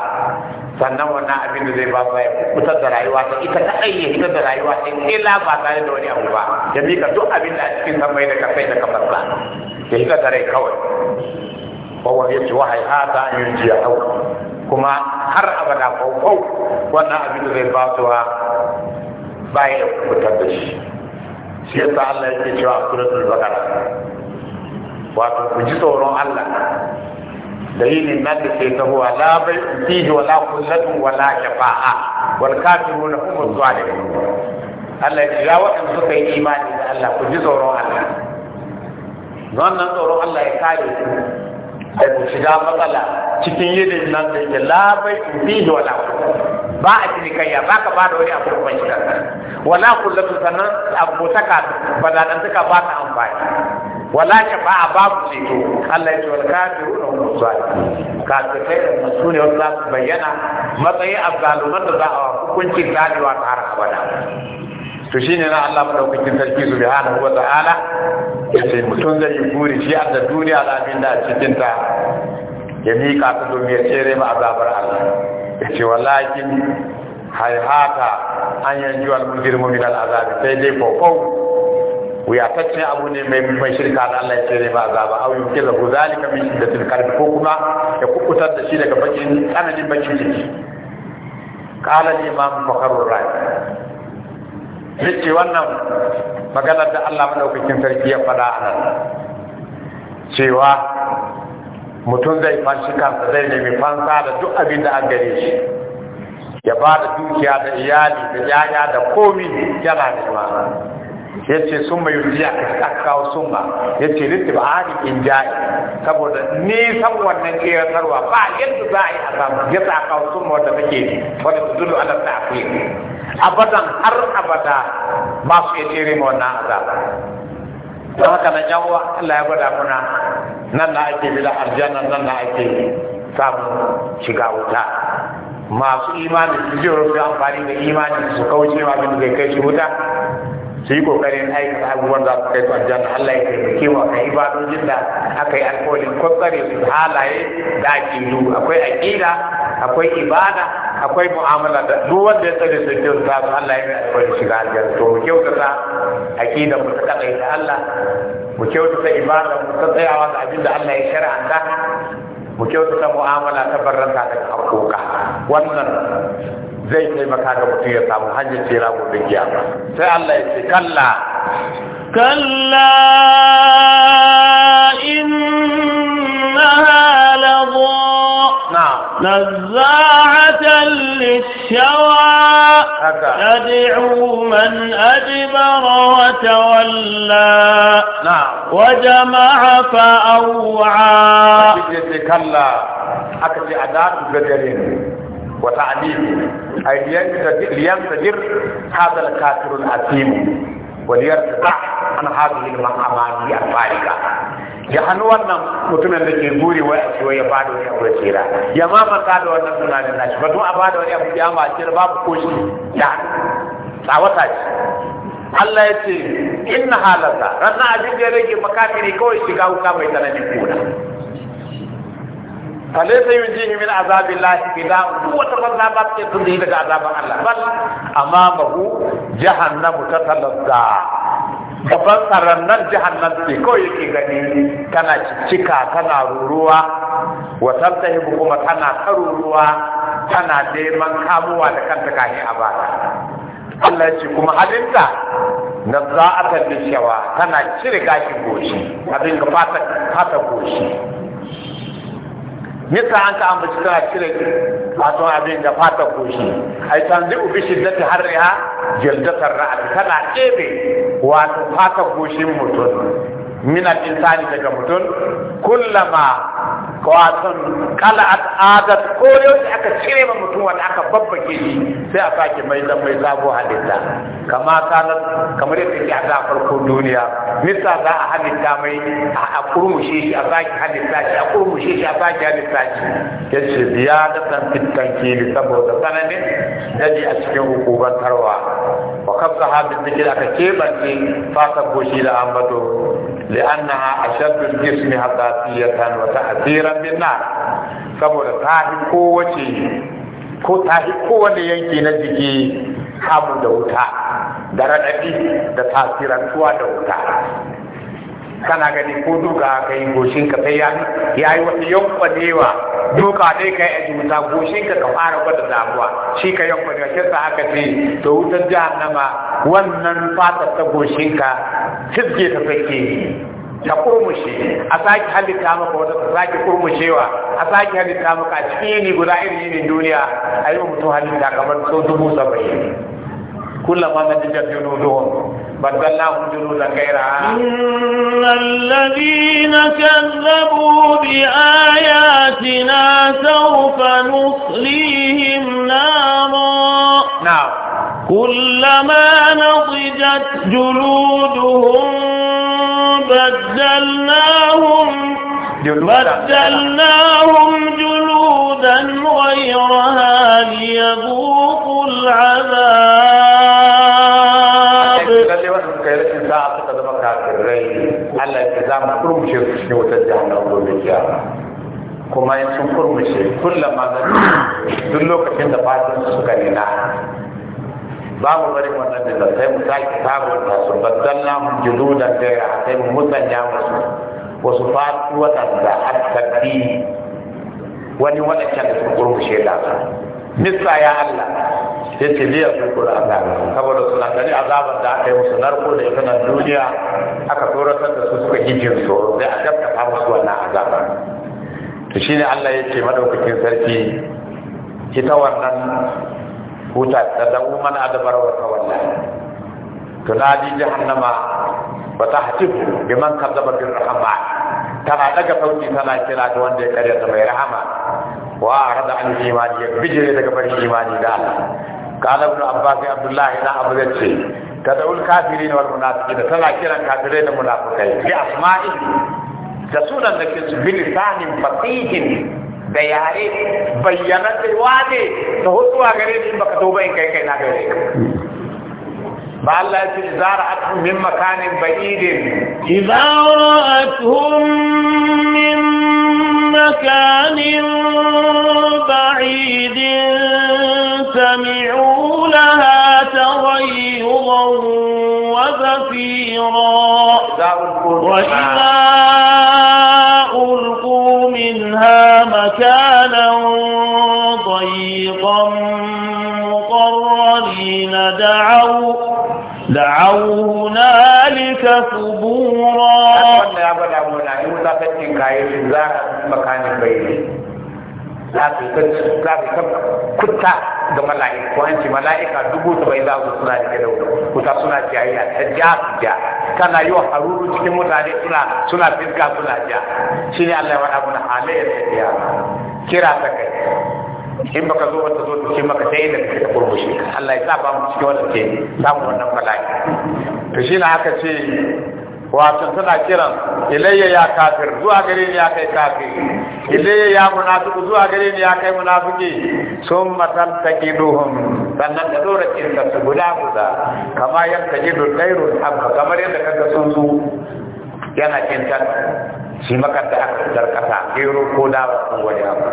[SPEAKER 2] sannan wannan abin da zai ba su ya fitar da rayuwa ta ita ta ayyar fitar da rayuwa ta illa ba tare da wani abu ba ya mika duk abin da a cikin samai da kafai da ba ya fitar da rai kawai wawan ya ce wahai hata yunjiya hau kuma har abada kwakwau wannan abin da zai basuwa bayan da kubutar da shi shi yasa Allah yake cewa a suratul bakara wato ku ji tsoron Allah da yin nan da ke tahowa la bai fihi wala kullatu wala shafa'a wal kafiruna hum adh-dhalimun Allah ya ya waɗanda suka yi imani da Allah ku ji tsoron Allah wannan tsoron Allah ya kare ku da shiga matsala cikin yadda nan da yake labai da wala ba a kayya ba ka ba da wani abu kuma shiga wala kullatu sannan abotaka ba da dan taka ba ta amfani wala a babu ceto Allah ya ce wal kafirun Ka zalimun kai da masu ne za su bayyana matsayin abgaluman da za a hukunci zalewa ta har abada to shi ne na Allah madaukakin sarki subhanahu wa ta'ala yace mutum zai yi buri shi a duniya da abin da cikin ta ya miƙa ta domin ya tsere ma azabar Allah yace walakin haihata an yanju al mu min al-azab sai dai kokon wuyatacce abu ne mai mai shirka da Allah ya tsere ba azaba au yuke da zalika min shiddatil karbi ko kuma ya kukutar da shi daga bakin tsananin bakin ciki ne ma mu fakhrur rai. yace wannan maganar da Allah maɗaukakin sarki ya faɗa a nan cewa mutum zai fashi kansa zai nemi fansa da duk abin da an gare shi ya ba da dukiya da iyali da yaya da komi yana nema ya ce sun mai yuziya ka kawo sun ba ya ce litti ba a in jayi saboda nisan wannan ƙeratarwa ba yadda za a yi a samu ya sa kawo sun wanda take wadda su zulu ala ta akwai abadan har abada ba su iya tere ma wannan azaba don haka na jawo Allah ya gwada muna nan na ake bila aljanna nan na ake samun shiga wuta masu imani su ji rufe amfani da imani su kauce wa abin da kai su wuta su yi kokarin da abubuwan da su kai su aljanna Allah ya taimake wa kai ibadojin da aka yi alkawalin su halaye da ake akwai aƙida akwai ibada akwai mu'amala da duk wanda ya tsare sun kyauta ta Allah ya mai alƙawari shiga aljanna to mu kyautata aqida mu ta kadai da Allah mu kyautata ibada mu ta tsayawa da abin da Allah ya shar'anta mu kyautata mu'amala ta barranta da haƙoƙa wannan زي ما كانوا كان بطير تام حاجة تيرا بوديام
[SPEAKER 1] فعلا كلا كلا إنها لظى نزاعة للشوى تدعو من أدبر وتولى وجمع فأوعى
[SPEAKER 2] كلا أكتي أداء بدلين وتعليمه أي لينتجر هذا الكافر الأثيم وليرتفع عن هذه الأمانية الفارقة ya hannu wannan mutumin da ke guri wai a cewa ya bada wani abu tsira ya ma manta da wannan tunanin nashi ba don a bada wani abu ya ma tsira babu ko shi da wata ce Allah ya ce inna halata ranar abin da ya rage makafiri kawai shiga wuta mai tsananin kuna فليس ينجيه من عذاب الله إذا هو تغذابات يتنجيه لك عذاب الله بل أمامه جهنم تتلذى babban tsaron nan jahannan ce kawai yake gani tana cika tana ruruwa wasan ta hibu kuma tana karuruwa tana neman kamuwa da kanta kahin a bata Allah ce kuma halinta na za a tabbishewa tana cire gashin goshi abin ga fata goshi Nisa an ka ambaci tana cire wato abin da fata koshi ai tanzi ubi shiddati harriha jildatar ra'at tana ɗebe wato fata koshin mutum min al-insani daga mutum kullama wasan kala'at adat ko yaushe aka cire ma mutum wanda aka babbake shi sai a sake mai zan mai sabo halitta kama kanar kamar yadda ke a da farko duniya nisa za a halitta mai a kurmushe shi a sake halitta shi a kurmushe shi a sake halitta shi ya ce biya da san fitan kili saboda tsananin daji a cikin hukumantarwa wa kafka ha bi zikir aka keɓance fata goshi da ambato annaha ashaddu jismi hadatiyatan wa ta'thiran bin nar saboda ta hi kowace ko ta hi kowane yanki na jiki kamun da wuta da raɗaɗi da tasirantuwa da wuta kana gani ko duka ka yi goshin ka sai ya yi wata dewa duka dai ka yi ajimuta goshin ka ka fara gwada damuwa shi ka da shi sa aka ce to wutar jahannama wannan fatar ta goshin ka cizge ta fake ta kurmushe a sake halitta maka wata ta sake kurmushewa a sake halitta maka a cikin yini guda irin yini duniya a yi wa mutum halitta kamar sau dubu saba'in kullum ma na jijar junuduhun بدلناهم
[SPEAKER 1] جنودا غيرها إن الذين كذبوا بآياتنا سوف نصليهم نارا نعم كلما نضجت جلودهم بدلناهم بدلناهم جلودا غيرها ليذوقوا العذاب
[SPEAKER 2] kafirai Allah ya za mu kurmushe cikin wutar jahannam gobe kiyama kuma in sun kurmushe kullum ma duk lokacin da fatan su suka nina babu bari wannan da sai mu sake sabunta su baddalla mu juludan gaira sai mu musanya musu wasu fatu da attabbi wani waɗancan da kurmushe da su nisa ya Allah ya ce liyar saboda suna gani azabar da aka yi musu narko da ita nan duniya aka tsoratar da su suka hijin su sai a gaskata musu wannan azabar to shine Allah ya ce madaukakin sarki ita wannan huta ta dawo mana adabar wa tawalla tunadi jahannama wa man biman kadzaba bir rahama tana daga sauki tana kira da wanda ya karyata mai rahama wa arada an imani ya bijire daga barin imani da Allah kala bin Abdullahi ke abdullah ina abuwace ta daul kafirin wal munafiqin ta la kiran kafirin da munafiqai bi asma'i da sunan da ke bi lisanin fatihin da yare bayyana da wade da hotuwa gare baka to bai kai kai na gare shi ba Allah ya ci zara'at min makanin ba'idin
[SPEAKER 1] idha ra'athum min makanin خيرا وإذا ألقوا منها مكانا ضيقا مقرنين دعوا دعوا هنالك ثبورا
[SPEAKER 2] za su ta za su ta kutta da mala'iku an ce mala'ika dubu ta bai za su suna da da kuta suna jayayya ta ja su ja tana yi wa haruru cikin mutane suna suna fiska suna ja shi ne Allah ya wada mana halayyar ta biya kira ta kai in baka zo wata zo ta ce maka sai da kake kurbushi Allah ya sa ba mu cikin wannan ke samu wannan bala'i to shi ne aka ce wato tana kiran ilayya ya kafir zuwa gare ni ya kai kafir ilayya ya munafiku zuwa gare ni ya kai munafiki sun matan taqiduhum sannan da dora kirka su guda guda kama yadda jidul khairul abu kamar yadda ga sun zu yana kintan shi makanta aka fitar kasa gero ko dawa sun wani abu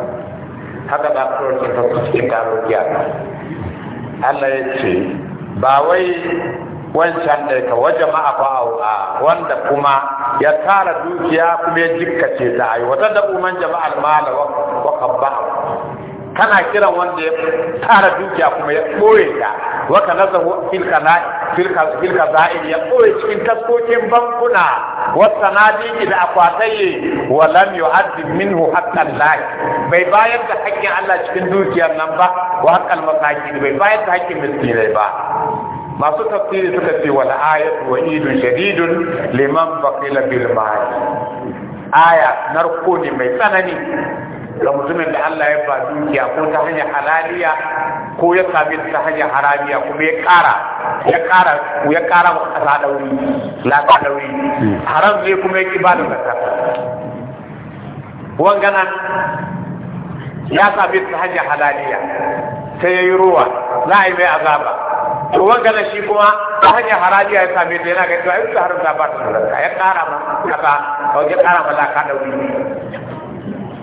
[SPEAKER 2] haka ba su rokin ta cikin taro Allah ya ce ba wai wancan da ka waje ma'afa wanda kuma ya tara dukiya kuma ya jikkace ta ayi wata da jama'a jama'al mala wa kabba kana kiran wanda ya tara dukiya kuma ya ɓoye ta waka nazahu fil fil kaza'ir ya ɓoye cikin taskokin bankuna wata nadiki da akwataye wa lam yu'addi minhu haqqan lahi bai bayar da haƙƙin Allah cikin dukiyar nan ba wa haqqal masakin bai bayar da haƙƙin miskinai ba masu tafsiri suka ce wal ayatu wa idun shadidun liman baqila bil ma'i aya narko ne mai tsanani ga mutumin da Allah ya ba dukiya ko ta hanyar halaliya ko ya sami ta hanyar haramiya kuma ya kara ya kara ya kara wa kasa dauri la ta dauri haram ne kuma ya da zakka wangana ya sami ta hanyar halaliya sai ya yi ruwa za a yi mai azaba to na shi kuma ta hanyar haraji ya same ta yana ganin ayyuka haramta ba ta da ya kara ma kasa wajen kara ma da ka dauri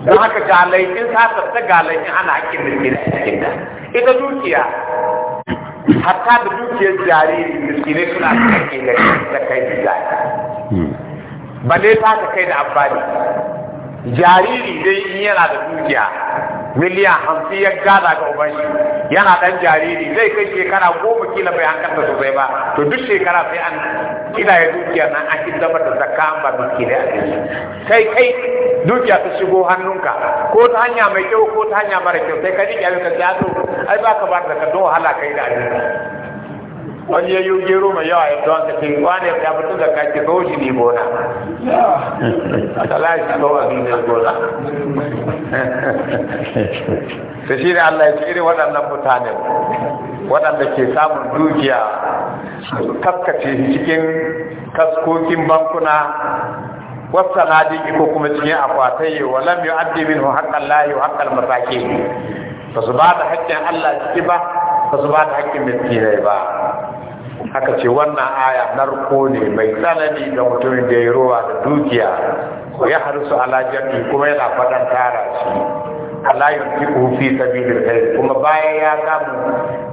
[SPEAKER 2] don haka laifin in ta tsarta in ana hakkin da da cikin da ita dukiya hatta da dukiyar jariri ne suna da kai da kai da kai balle ta ta kai da amfani jariri dai in yana da dukiya miliyan hamsin ya gada ga ubanshi yana dan jariri zai kai shekara goma kila bai hankalta sosai ba to duk shekara sai an kila ya dukiya nan an ki zama da zakka an ba duki da ake kai kai dukiya ta shigo hannunka ko ta hanya mai kyau ko ta hanya mara kyau sai ka ji abin ka sai ai ba ka ba da ka don wahala kai da abin wani ya yi gero mai yawa ya tuwa ka cikin wani ya fito da ka ko shi ne gona tsala shi ko abin ne gona ta shi ne Allah ya ce irin waɗannan mutanen waɗanda ke samun dukiya kaskace cikin kaskokin bankuna wasu jiki ko kuma cikin akwatai wa lam yu'addi minhu haqqan lahi wa haqqal masakin ba su ba da haƙƙin Allah ciki ba ba su ba da haƙƙin miskinai ba haka ce wannan aya narko ne mai tsanani ga mutumin da ya rowa da dukiya ko ya harsu ala kuma yana faɗan tara shi la yunfiqu fi sabilil khair kuma bayan ya samu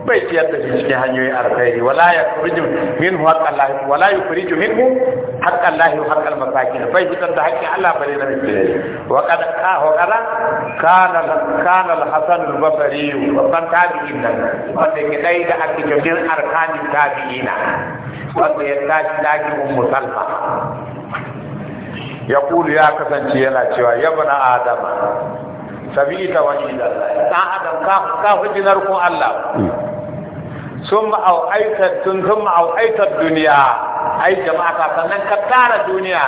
[SPEAKER 2] bai ciyar yadda shi cikin hanyoyin alkhairi wala yukhriju minhu haqqan la wala yukhriju minhu haqqan la haqqal masakin bai fitar da haƙƙin Allah bare na miskinai wa qad ka wa qad kana kana al-hasan al-basri wa kan tabi'in nan wanda ke dai da ake cikin arkanin tabi'ina wanda ya tashi daki ummu salma ya kulu ya kasance yana cewa ya bana adama sabi ta wani da ɗan adam ka fi narkon Allah hmm. sun ma'au'aitar tun sun ma'au'aitar duniya ai jama'a sannan ka tara duniya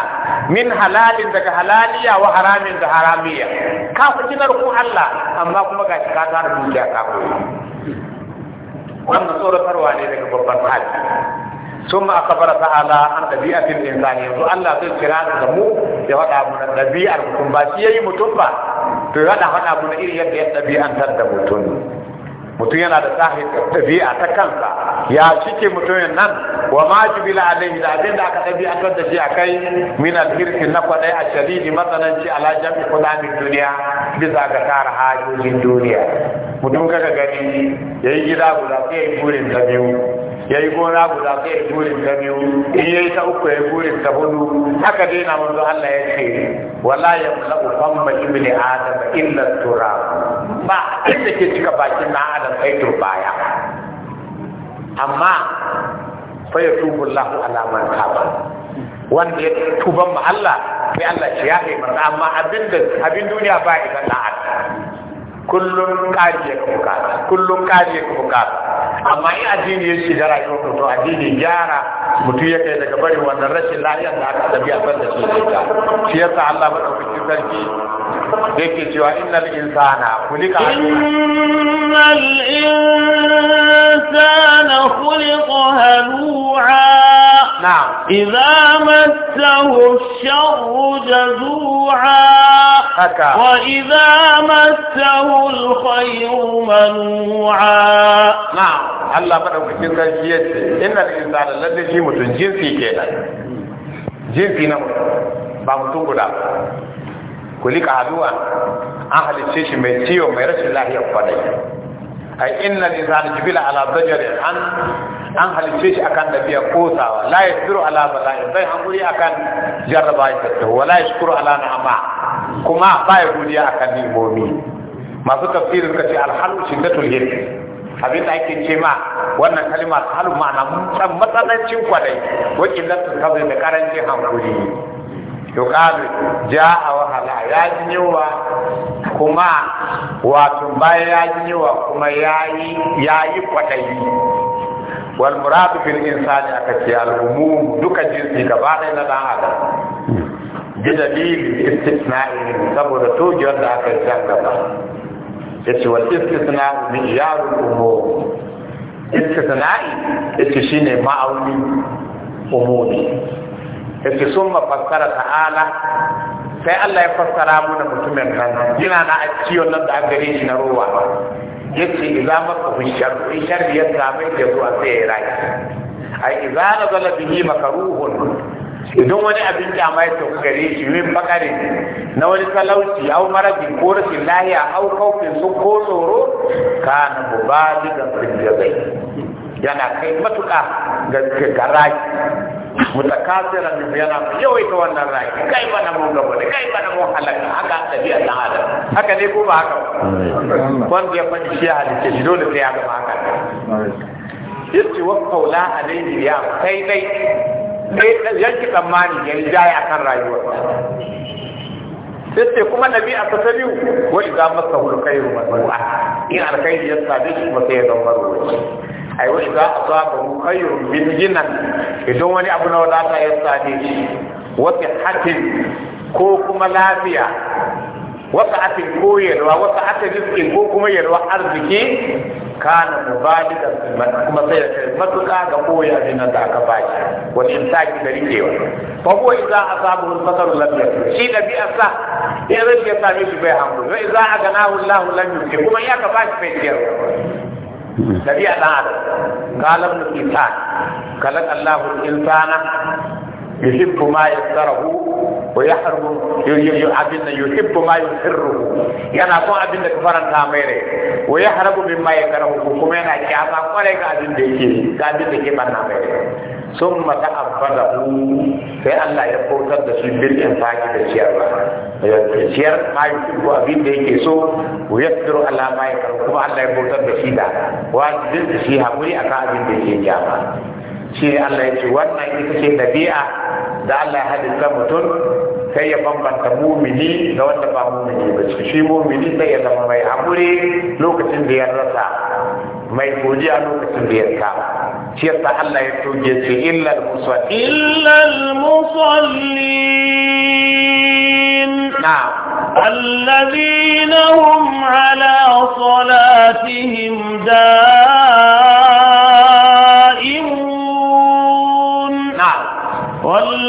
[SPEAKER 2] min halalin daga halaliya wa haramin da haramiya ka fi narkon Allah amma kuma ga ka tara duniya ka fi wannan tsoratarwa ne daga babban hali ثم أخبر تعالى عن طبيعة الإنسان يقول الله ذكر هذا mu ya faɗa mana ɗabi'ar mutum ba shi ya yayi mutum ba to yana abu na iri yadda ya ɗabi'antar da mutum mutum yana da a ta kansa ya cike mutumin nan wa ma bi alaihi da abin da aka tabi'antar da shi a kai min alhirki na kwadai a shari'i matsananci ala jami kudanin duniya bisa ga tara hajojin duniya mutum kaga gani ya yi gida guda sai ya yi burin ta biyu ya yi gona guda sai ya yi burin ta biyu in ya yi ta uku ya yi burin ta hudu haka dai na manzo Allah ya ce wala ya mulaku famma ibni adama illa turabu ba da ke cika bakin na adam kai baya amma fa ya tubu Allah ala man kaba wanda ya tuba ma Allah sai Allah ya yi masa amma abin da abin duniya ba idan na adam ya kariya ka kullun kullum ya ka bukata amma in addini ya shiga rayuwar to addini gyara mutum ya kai daga bari wannan rashin lafiyar da aka tabi a da shi ne ta shi yasa Allah madaukakin sarki da yake cewa innal insana khuliqa
[SPEAKER 1] innal insana khuliqa halu'a na'am idza massahu ash-sharru jazu'a wa idza massahu al-khayru manu'a na'am Allah madaukakin
[SPEAKER 2] sarki yace innal insana lalle shi mutun jinsi kenan jinsi na ba mutum guda kulika haduwa an halicce shi mai ciwo mai rashin lahiyar kwadai ai inna lisan jibila ala bajari an an halicce shi akan dabiya kosawa la yasbiru ala bala'i bai hankuri akan jarraba shi ta wala yashkuru ala ni'ama kuma bai godiya akan ni'imomi masu tafsirin kace alhalu shiddatul hirk abin da ake ce ma wannan kalmar halu ma'ana matsanancin kwadai wakilatu kabe da karancin hankuri yuqalu ja a wahala ya ji yunwa kuma wato bayan ya ji yunwa kuma ya yi kwadayi wal muradu bil insani aka ce al duka jinsi gaba ɗaya na dan adam bi dalili istisna'i saboda tujiyar wanda aka yi can gaba yace wal istisna min yarul umur istisna'i shi ne ma'auni umumi yake sun fassara ta'ala sai Allah ya fassara mana mutumin kan yana na ciwon nan da aka gare na ruwa yace idza maka bishar bishar ya samu ya zuwa sai ya rai ai na zala bihi ruhun idan wani abin kyama ya ta gare shi min bakare na wani talauci au marabi ko rashin lahiya au kaufin su ko tsoro kana da sun yana kai matuƙa ga garaki mutakasiran yana yawaita wannan rai kai na mun gaba ne kai na mun halaka haka tabi'a dan adam haka ne ko ba haka wanda ya faɗi shi halitta shi dole sai ya gaba haka yace wa qaula alayhi ya kai dai dai yanki tsammani ya jaya akan rayuwar sai kuma nabi a ta biyu wa idza masahu alkhairu masru'a in alkhairi ya sadu ba sai ya zama ruwa ai wa idza asabahu khayrun min jinan idan wani abu na wadata ya same shi wata hatin ko kuma lafiya wata atin ko yalwa wata atin rizkin ko kuma yalwa arziki kana da kuma sai ya kai matuƙa ga koya ne na da aka baki wani insaki da rikewa fa huwa idza asabahu al-fatar lam yakun shi da bi asa ya zai ya same shi bai hango wa idza aganahu Allah lam yukti kuma ya ka baki bai ciyar tabi'a dan adam qalam insan Allah Allahu yuhibbu ma yasarahu wa yahrumu abin da yuhibbu ma yusirruhu yana son abin da ka faranta mai rai wa yahrumu mimma yakrahu kuma yana kyama kwarai ga abin da yake ga abin da ke banna mai rai sun mata abbadahu sai Allah ya bautar da su bil infaqi da ciyarwa ciyar ma yuhibbu abin da yake so wa yasiru ala ma yakrahu kuma Allah ya bautar da shi da wa bil shi hakuri akan abin da yake kyama shi Allah ya ce wannan ita ce dabi'a da Allah ya halitta mutum sai ya bambanta mumini da wanda ba mumini ba ce shi mumini sai ya zama mai hakuri lokacin da ya rasa mai godiya lokacin da ya kama shi yasa Allah ya toge ce illa al
[SPEAKER 1] musallin na'am alladhina hum ala salatihim da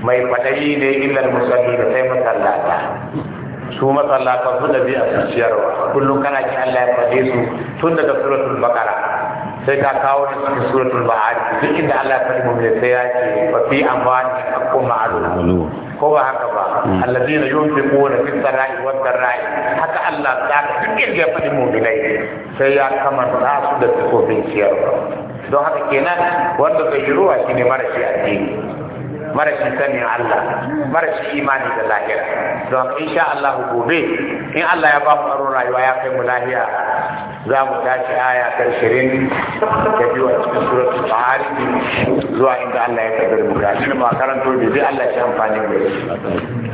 [SPEAKER 2] mai kwaɗayi ne illal musalli da sai masallata su masallata su da bi su ciyarwa kullum kana ki Allah ya faɗe su tun daga suratul bakara sai ka kawo da cikin suratul ba'ad duk inda Allah ya faɗi mu sai ya ce fa fi amwani haqqun ma'lum ko ba haka ba alladina yunfiquna fi sarai wa darai haka Allah ta ka duk inda ya fadi mu sai ya kamanta su da tsofin ciyarwa don haka kenan wanda bai ruwa shine mara shi addini marashin sanin Allah marashin imani da lahira don insha Allah gobe in Allah ya ba mu aro rayuwa ya kai mu lahiya za mu tashi aya ta 20 da biyu a cikin suratul bahari zuwa inda Allah ya kaddara mu gashi mu karanto da zai Allah ya amfani da shi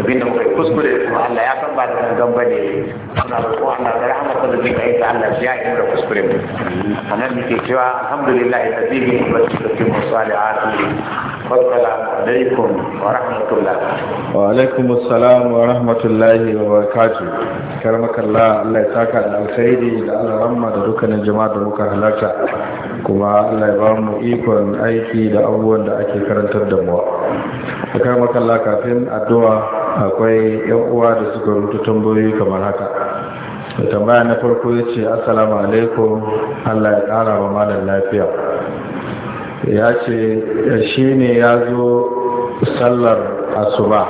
[SPEAKER 2] abinda muka kuskure kuma Allah ya san ba da gangan bane Allah ko Allah da rahmatin da zai kai ta Allah ya yi da kuskure mu anan ke cewa alhamdulillah alladhi bi ni'matihi tutimmu salihati Wa'alaikum
[SPEAKER 4] assalam wa rahmatullahi wa barakatu. Karmakalla Allah ya saka da alkhairi da Allah ramma da dukkanin jama'a da muka halarta. Kuma Allah ya ba mu ikon aiki da abubuwan da ake karantar da mu. Da karmakalla kafin addu'a akwai yan uwa da suka rubuta tambayoyi kamar haka. Da tambaya na farko ya ce Assalamu alaikum Allah ya kara malam lafiya. ya ce shi ne ya zo sallar asuba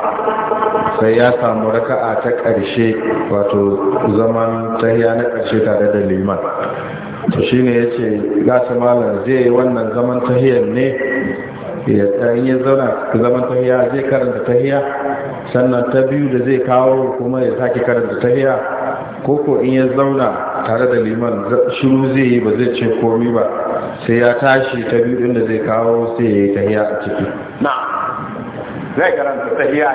[SPEAKER 4] sai ya samu raka'a ta ƙarshe wato zaman tahiya na ƙarshe tare da liman to shi ne ya ce gasa malar zai wannan zaman tahiyar ne ya ɗan yi zaman tahiya zai karanta tahiya sannan ta biyu da zai kawo kuma ya sake karanta tahiya koko in ya zauna tare da liman shiru zai yi ba zai ce komi ba sai ya tashi ta biyu inda zai kawo sai ya yi tahiya a ciki na
[SPEAKER 2] zai karanta tahiya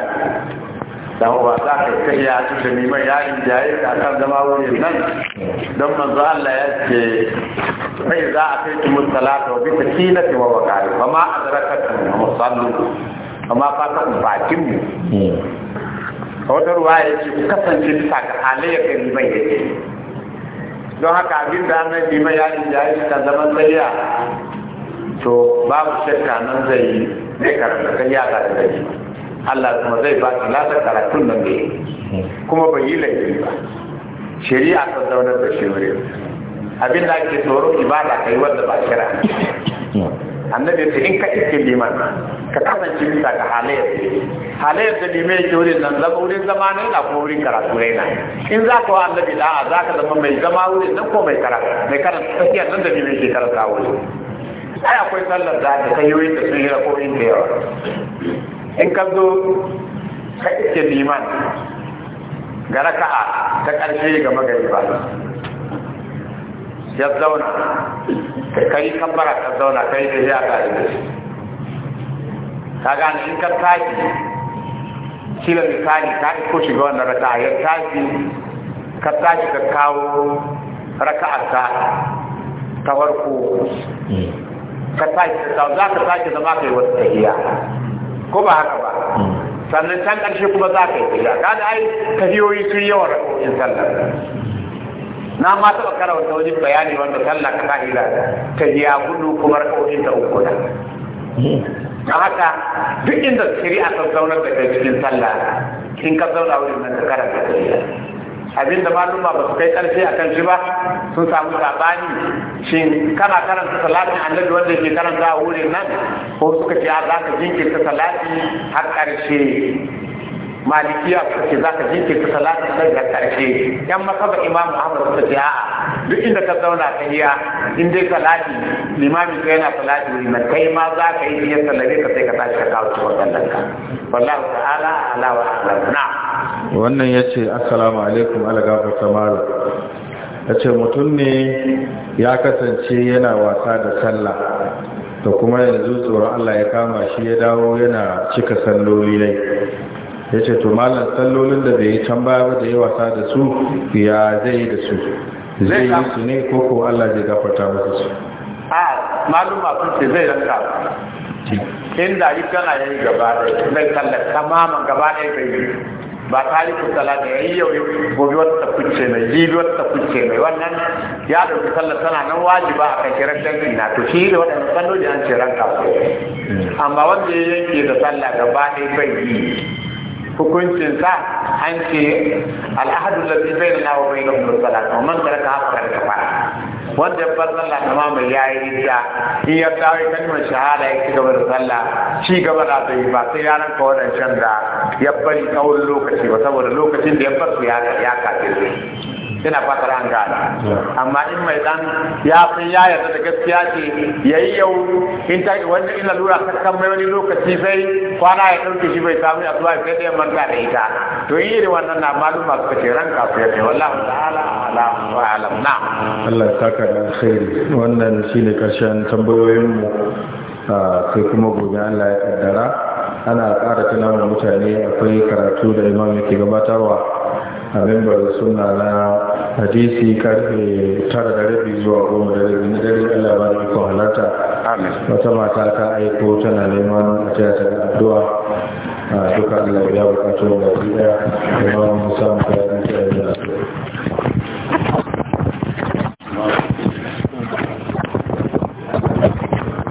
[SPEAKER 2] da ba za ka kai ya su da ya yi jaye da kan zama wurin nan don manzo Allah ya ce sai za a kai kuma salatu bi takinati wa wakari fa ma adrakat musallu amma a fata bakin mu hmm. a wata ruwa ya ce ku kasance bisa ga halayyar gari mai yake don haka abin da annan bi mai yaji da yaji kan zaman tsariya to babu shakka nan zai yi ne karanta kan ya tare da shi Allah kuma zai ba shi lasar karatun nan da kuma bai yi laifi ba shari'a ta zaunar da shi wuri abin da ake tsoro ibada kai wanda ba shari'a annabi ta in ka iske liman ka kasance bisa ga halayyar halayyar da limai yake wurin nan zama wurin zama ne na kuma wurin karatu ne na in za ka wa annabi da'a za ka zama mai zama wurin nan ko mai karatu mai karatu tsakiyar nan da limai karatu a wurin ai akwai sallar da ta yi wurin da sun yi in da yawa in ka zo ka iske liman ga raka'a ta ƙarshe ga magariba ya zauna ka yi kambara ka zauna ka yi da ya ga ka gane in ka tashi shi da misali ka ko shiga wannan raka ya tashi ka tashi ka kawo raka'arka ta farko hmm. ka tashi ka za ka tashi zama kai wata tahiya ko ba haka ba hmm. sannan can ƙarshe kuma za ka yi tahiya ka da ai tahiyoyi sun yawan raka'o'in sallar na ma taɓa karanta wajen bayani wanda sallah ka hila ta hiya gudu kuma raka'o'in ta uku hmm. don haka duk inda shari'a ta zaunar da kai cikin sallah in ka zauna wurin nan ka karanta abin da maluma ba su kai karshe a kan shi ba sun samu sabani shin kana karanta salatin annabi wanda ke karanta a wurin nan ko suka ce za ka jinkirta salati har karshe malikiya suka ce za ka jinkirta salatin nan ga ƙarshe yan masaba imam ahmad suka ce a'a duk inda ka zauna ka iya in dai salati limamin ka yana salati wuri nan kai ma za ka yi iya sallare ka sai ka tashi ka kawo cikin wannan ka wallahu ta'ala
[SPEAKER 3] ala wa ala na
[SPEAKER 4] wannan yace assalamu alaikum ala gafarta malam yace mutum ne ya kasance yana wasa da sallah da kuma yanzu tsoron Allah ya kama shi ya dawo yana cika salloli ne ya ce to malam sallolin da bai yi can ba da ya wasa da su ya zai yi da su zai yi su ne ko ko Allah zai gafarta musu su
[SPEAKER 2] a maluma sun ce zai ranka inda yi kana yayi gaba da zai kalla tamaman gaba da ya yi ba tarihin sala da yayi yau gobe wata tafice mai jibi wata tafice mai wannan ya dauki sallar tana nan wajiba a kan kiran dangi na to shi da waɗannan da an ce ranka amma wanda ya yanke da sallah gaba da ya yi hukuncin sa an ce al'ahadu ladhi bainana wa bainahum salat wa man taraka haqqan kafara wanda ya bar sallah kama mai yayi riya in ya yi kalmar shahada ya ci gaba da sallah ci gaba da bai ba sai ka ranka can da ya bari tsawon lokaci ba saboda lokacin da ya bar su ya kafirce Yana fatar an gane amma in mai dan ya san ya yarda da gaskiya ce yayi yau in ta wanda in lura ka kan mai wani lokaci sai kwana ya dauke shi bai samu ya kai da manta da ita to yi da wannan na maluma ka ce ka su ya wallahi ta'ala ala wa
[SPEAKER 4] alam na Allah ya saka da alkhairi wannan shine karshen tambayoyin mu sai kuma gobe Allah ya kaddara ana ƙara wa mutane akwai karatu da imam yake gabatarwa a membar suna na hadisi karfe tara da rabi zuwa goma da rabi na dare Allah ba da ikon halarta wata mata ta aiko tana neman a taya ta addu'a duka Allah ya bukatu da ɗaya imam musamman da ya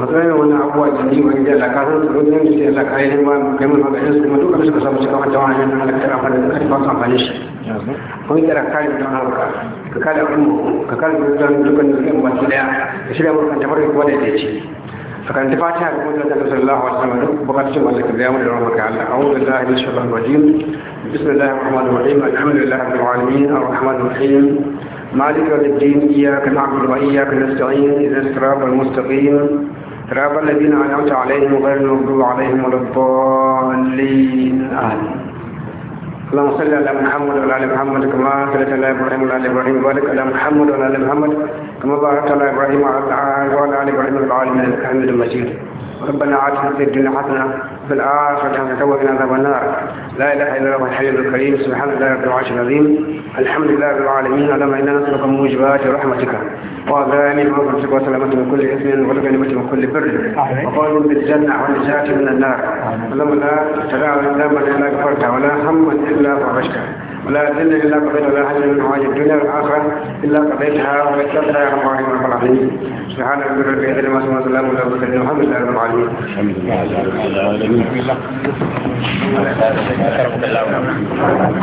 [SPEAKER 5] masana wani abubuwa da ni wani da laka san su rudin da ke laka yi ba kai mun haka yin su kuma duka suka samu cikin wata wani na halakta amfani da kai ba su amfani shi kun tsara kare da halka ka kare kuma ka kare da dukkan da suke mabaci daya ka shirya mulkan tafarin kuma da ya ce فكان تفاتها بقول الله صلى الله عليه وسلم بقت شو لك اليوم رحمك الله اعوذ بالله من الشيطان الرجيم بسم الله الرحمن الرحيم الحمد لله رب العالمين الرحمن الرحيم مالك يوم الدين اياك نعبد واياك نستعين اهدنا الصراط المستقيم صراط الذين أنعمت عليهم غير المغضوب عليهم ولا الضالين آمين اللهم صل على محمد وعلى ال محمد كما صليت على ابراهيم وعلى ال ابراهيم وبارك على محمد وعلى ال محمد كما باركت على ابراهيم وعلى ال ابراهيم في العالمين انك حميد مجيد ربنا آتنا في الدنيا حسنة في الآخرة حسنة وقنا عذاب النار لا إله إلا هو الحي الكريم سبحان الله رب العرش العظيم الحمد لله رب العالمين اللهم إنا نسألك موجبات رحمتك وغاني ومغفرتك وسلامتك من كل إثم ونعمة من كل بر وقالوا بالجنة والنجاة من النار اللهم لا تدع ذنبا إلا غفرته ولا هما إلا إلا فرجتها ولا ذل إلا قضيت ولا حاجة من حواج الدنيا والآخرة إلا قضيتها ويسرتها يا رب العالمين رب العالمين سبحان ربك رب العزة وسلم وسلام على المرسلين والحمد لله رب العالمين الحمد
[SPEAKER 3] لله رب العالمين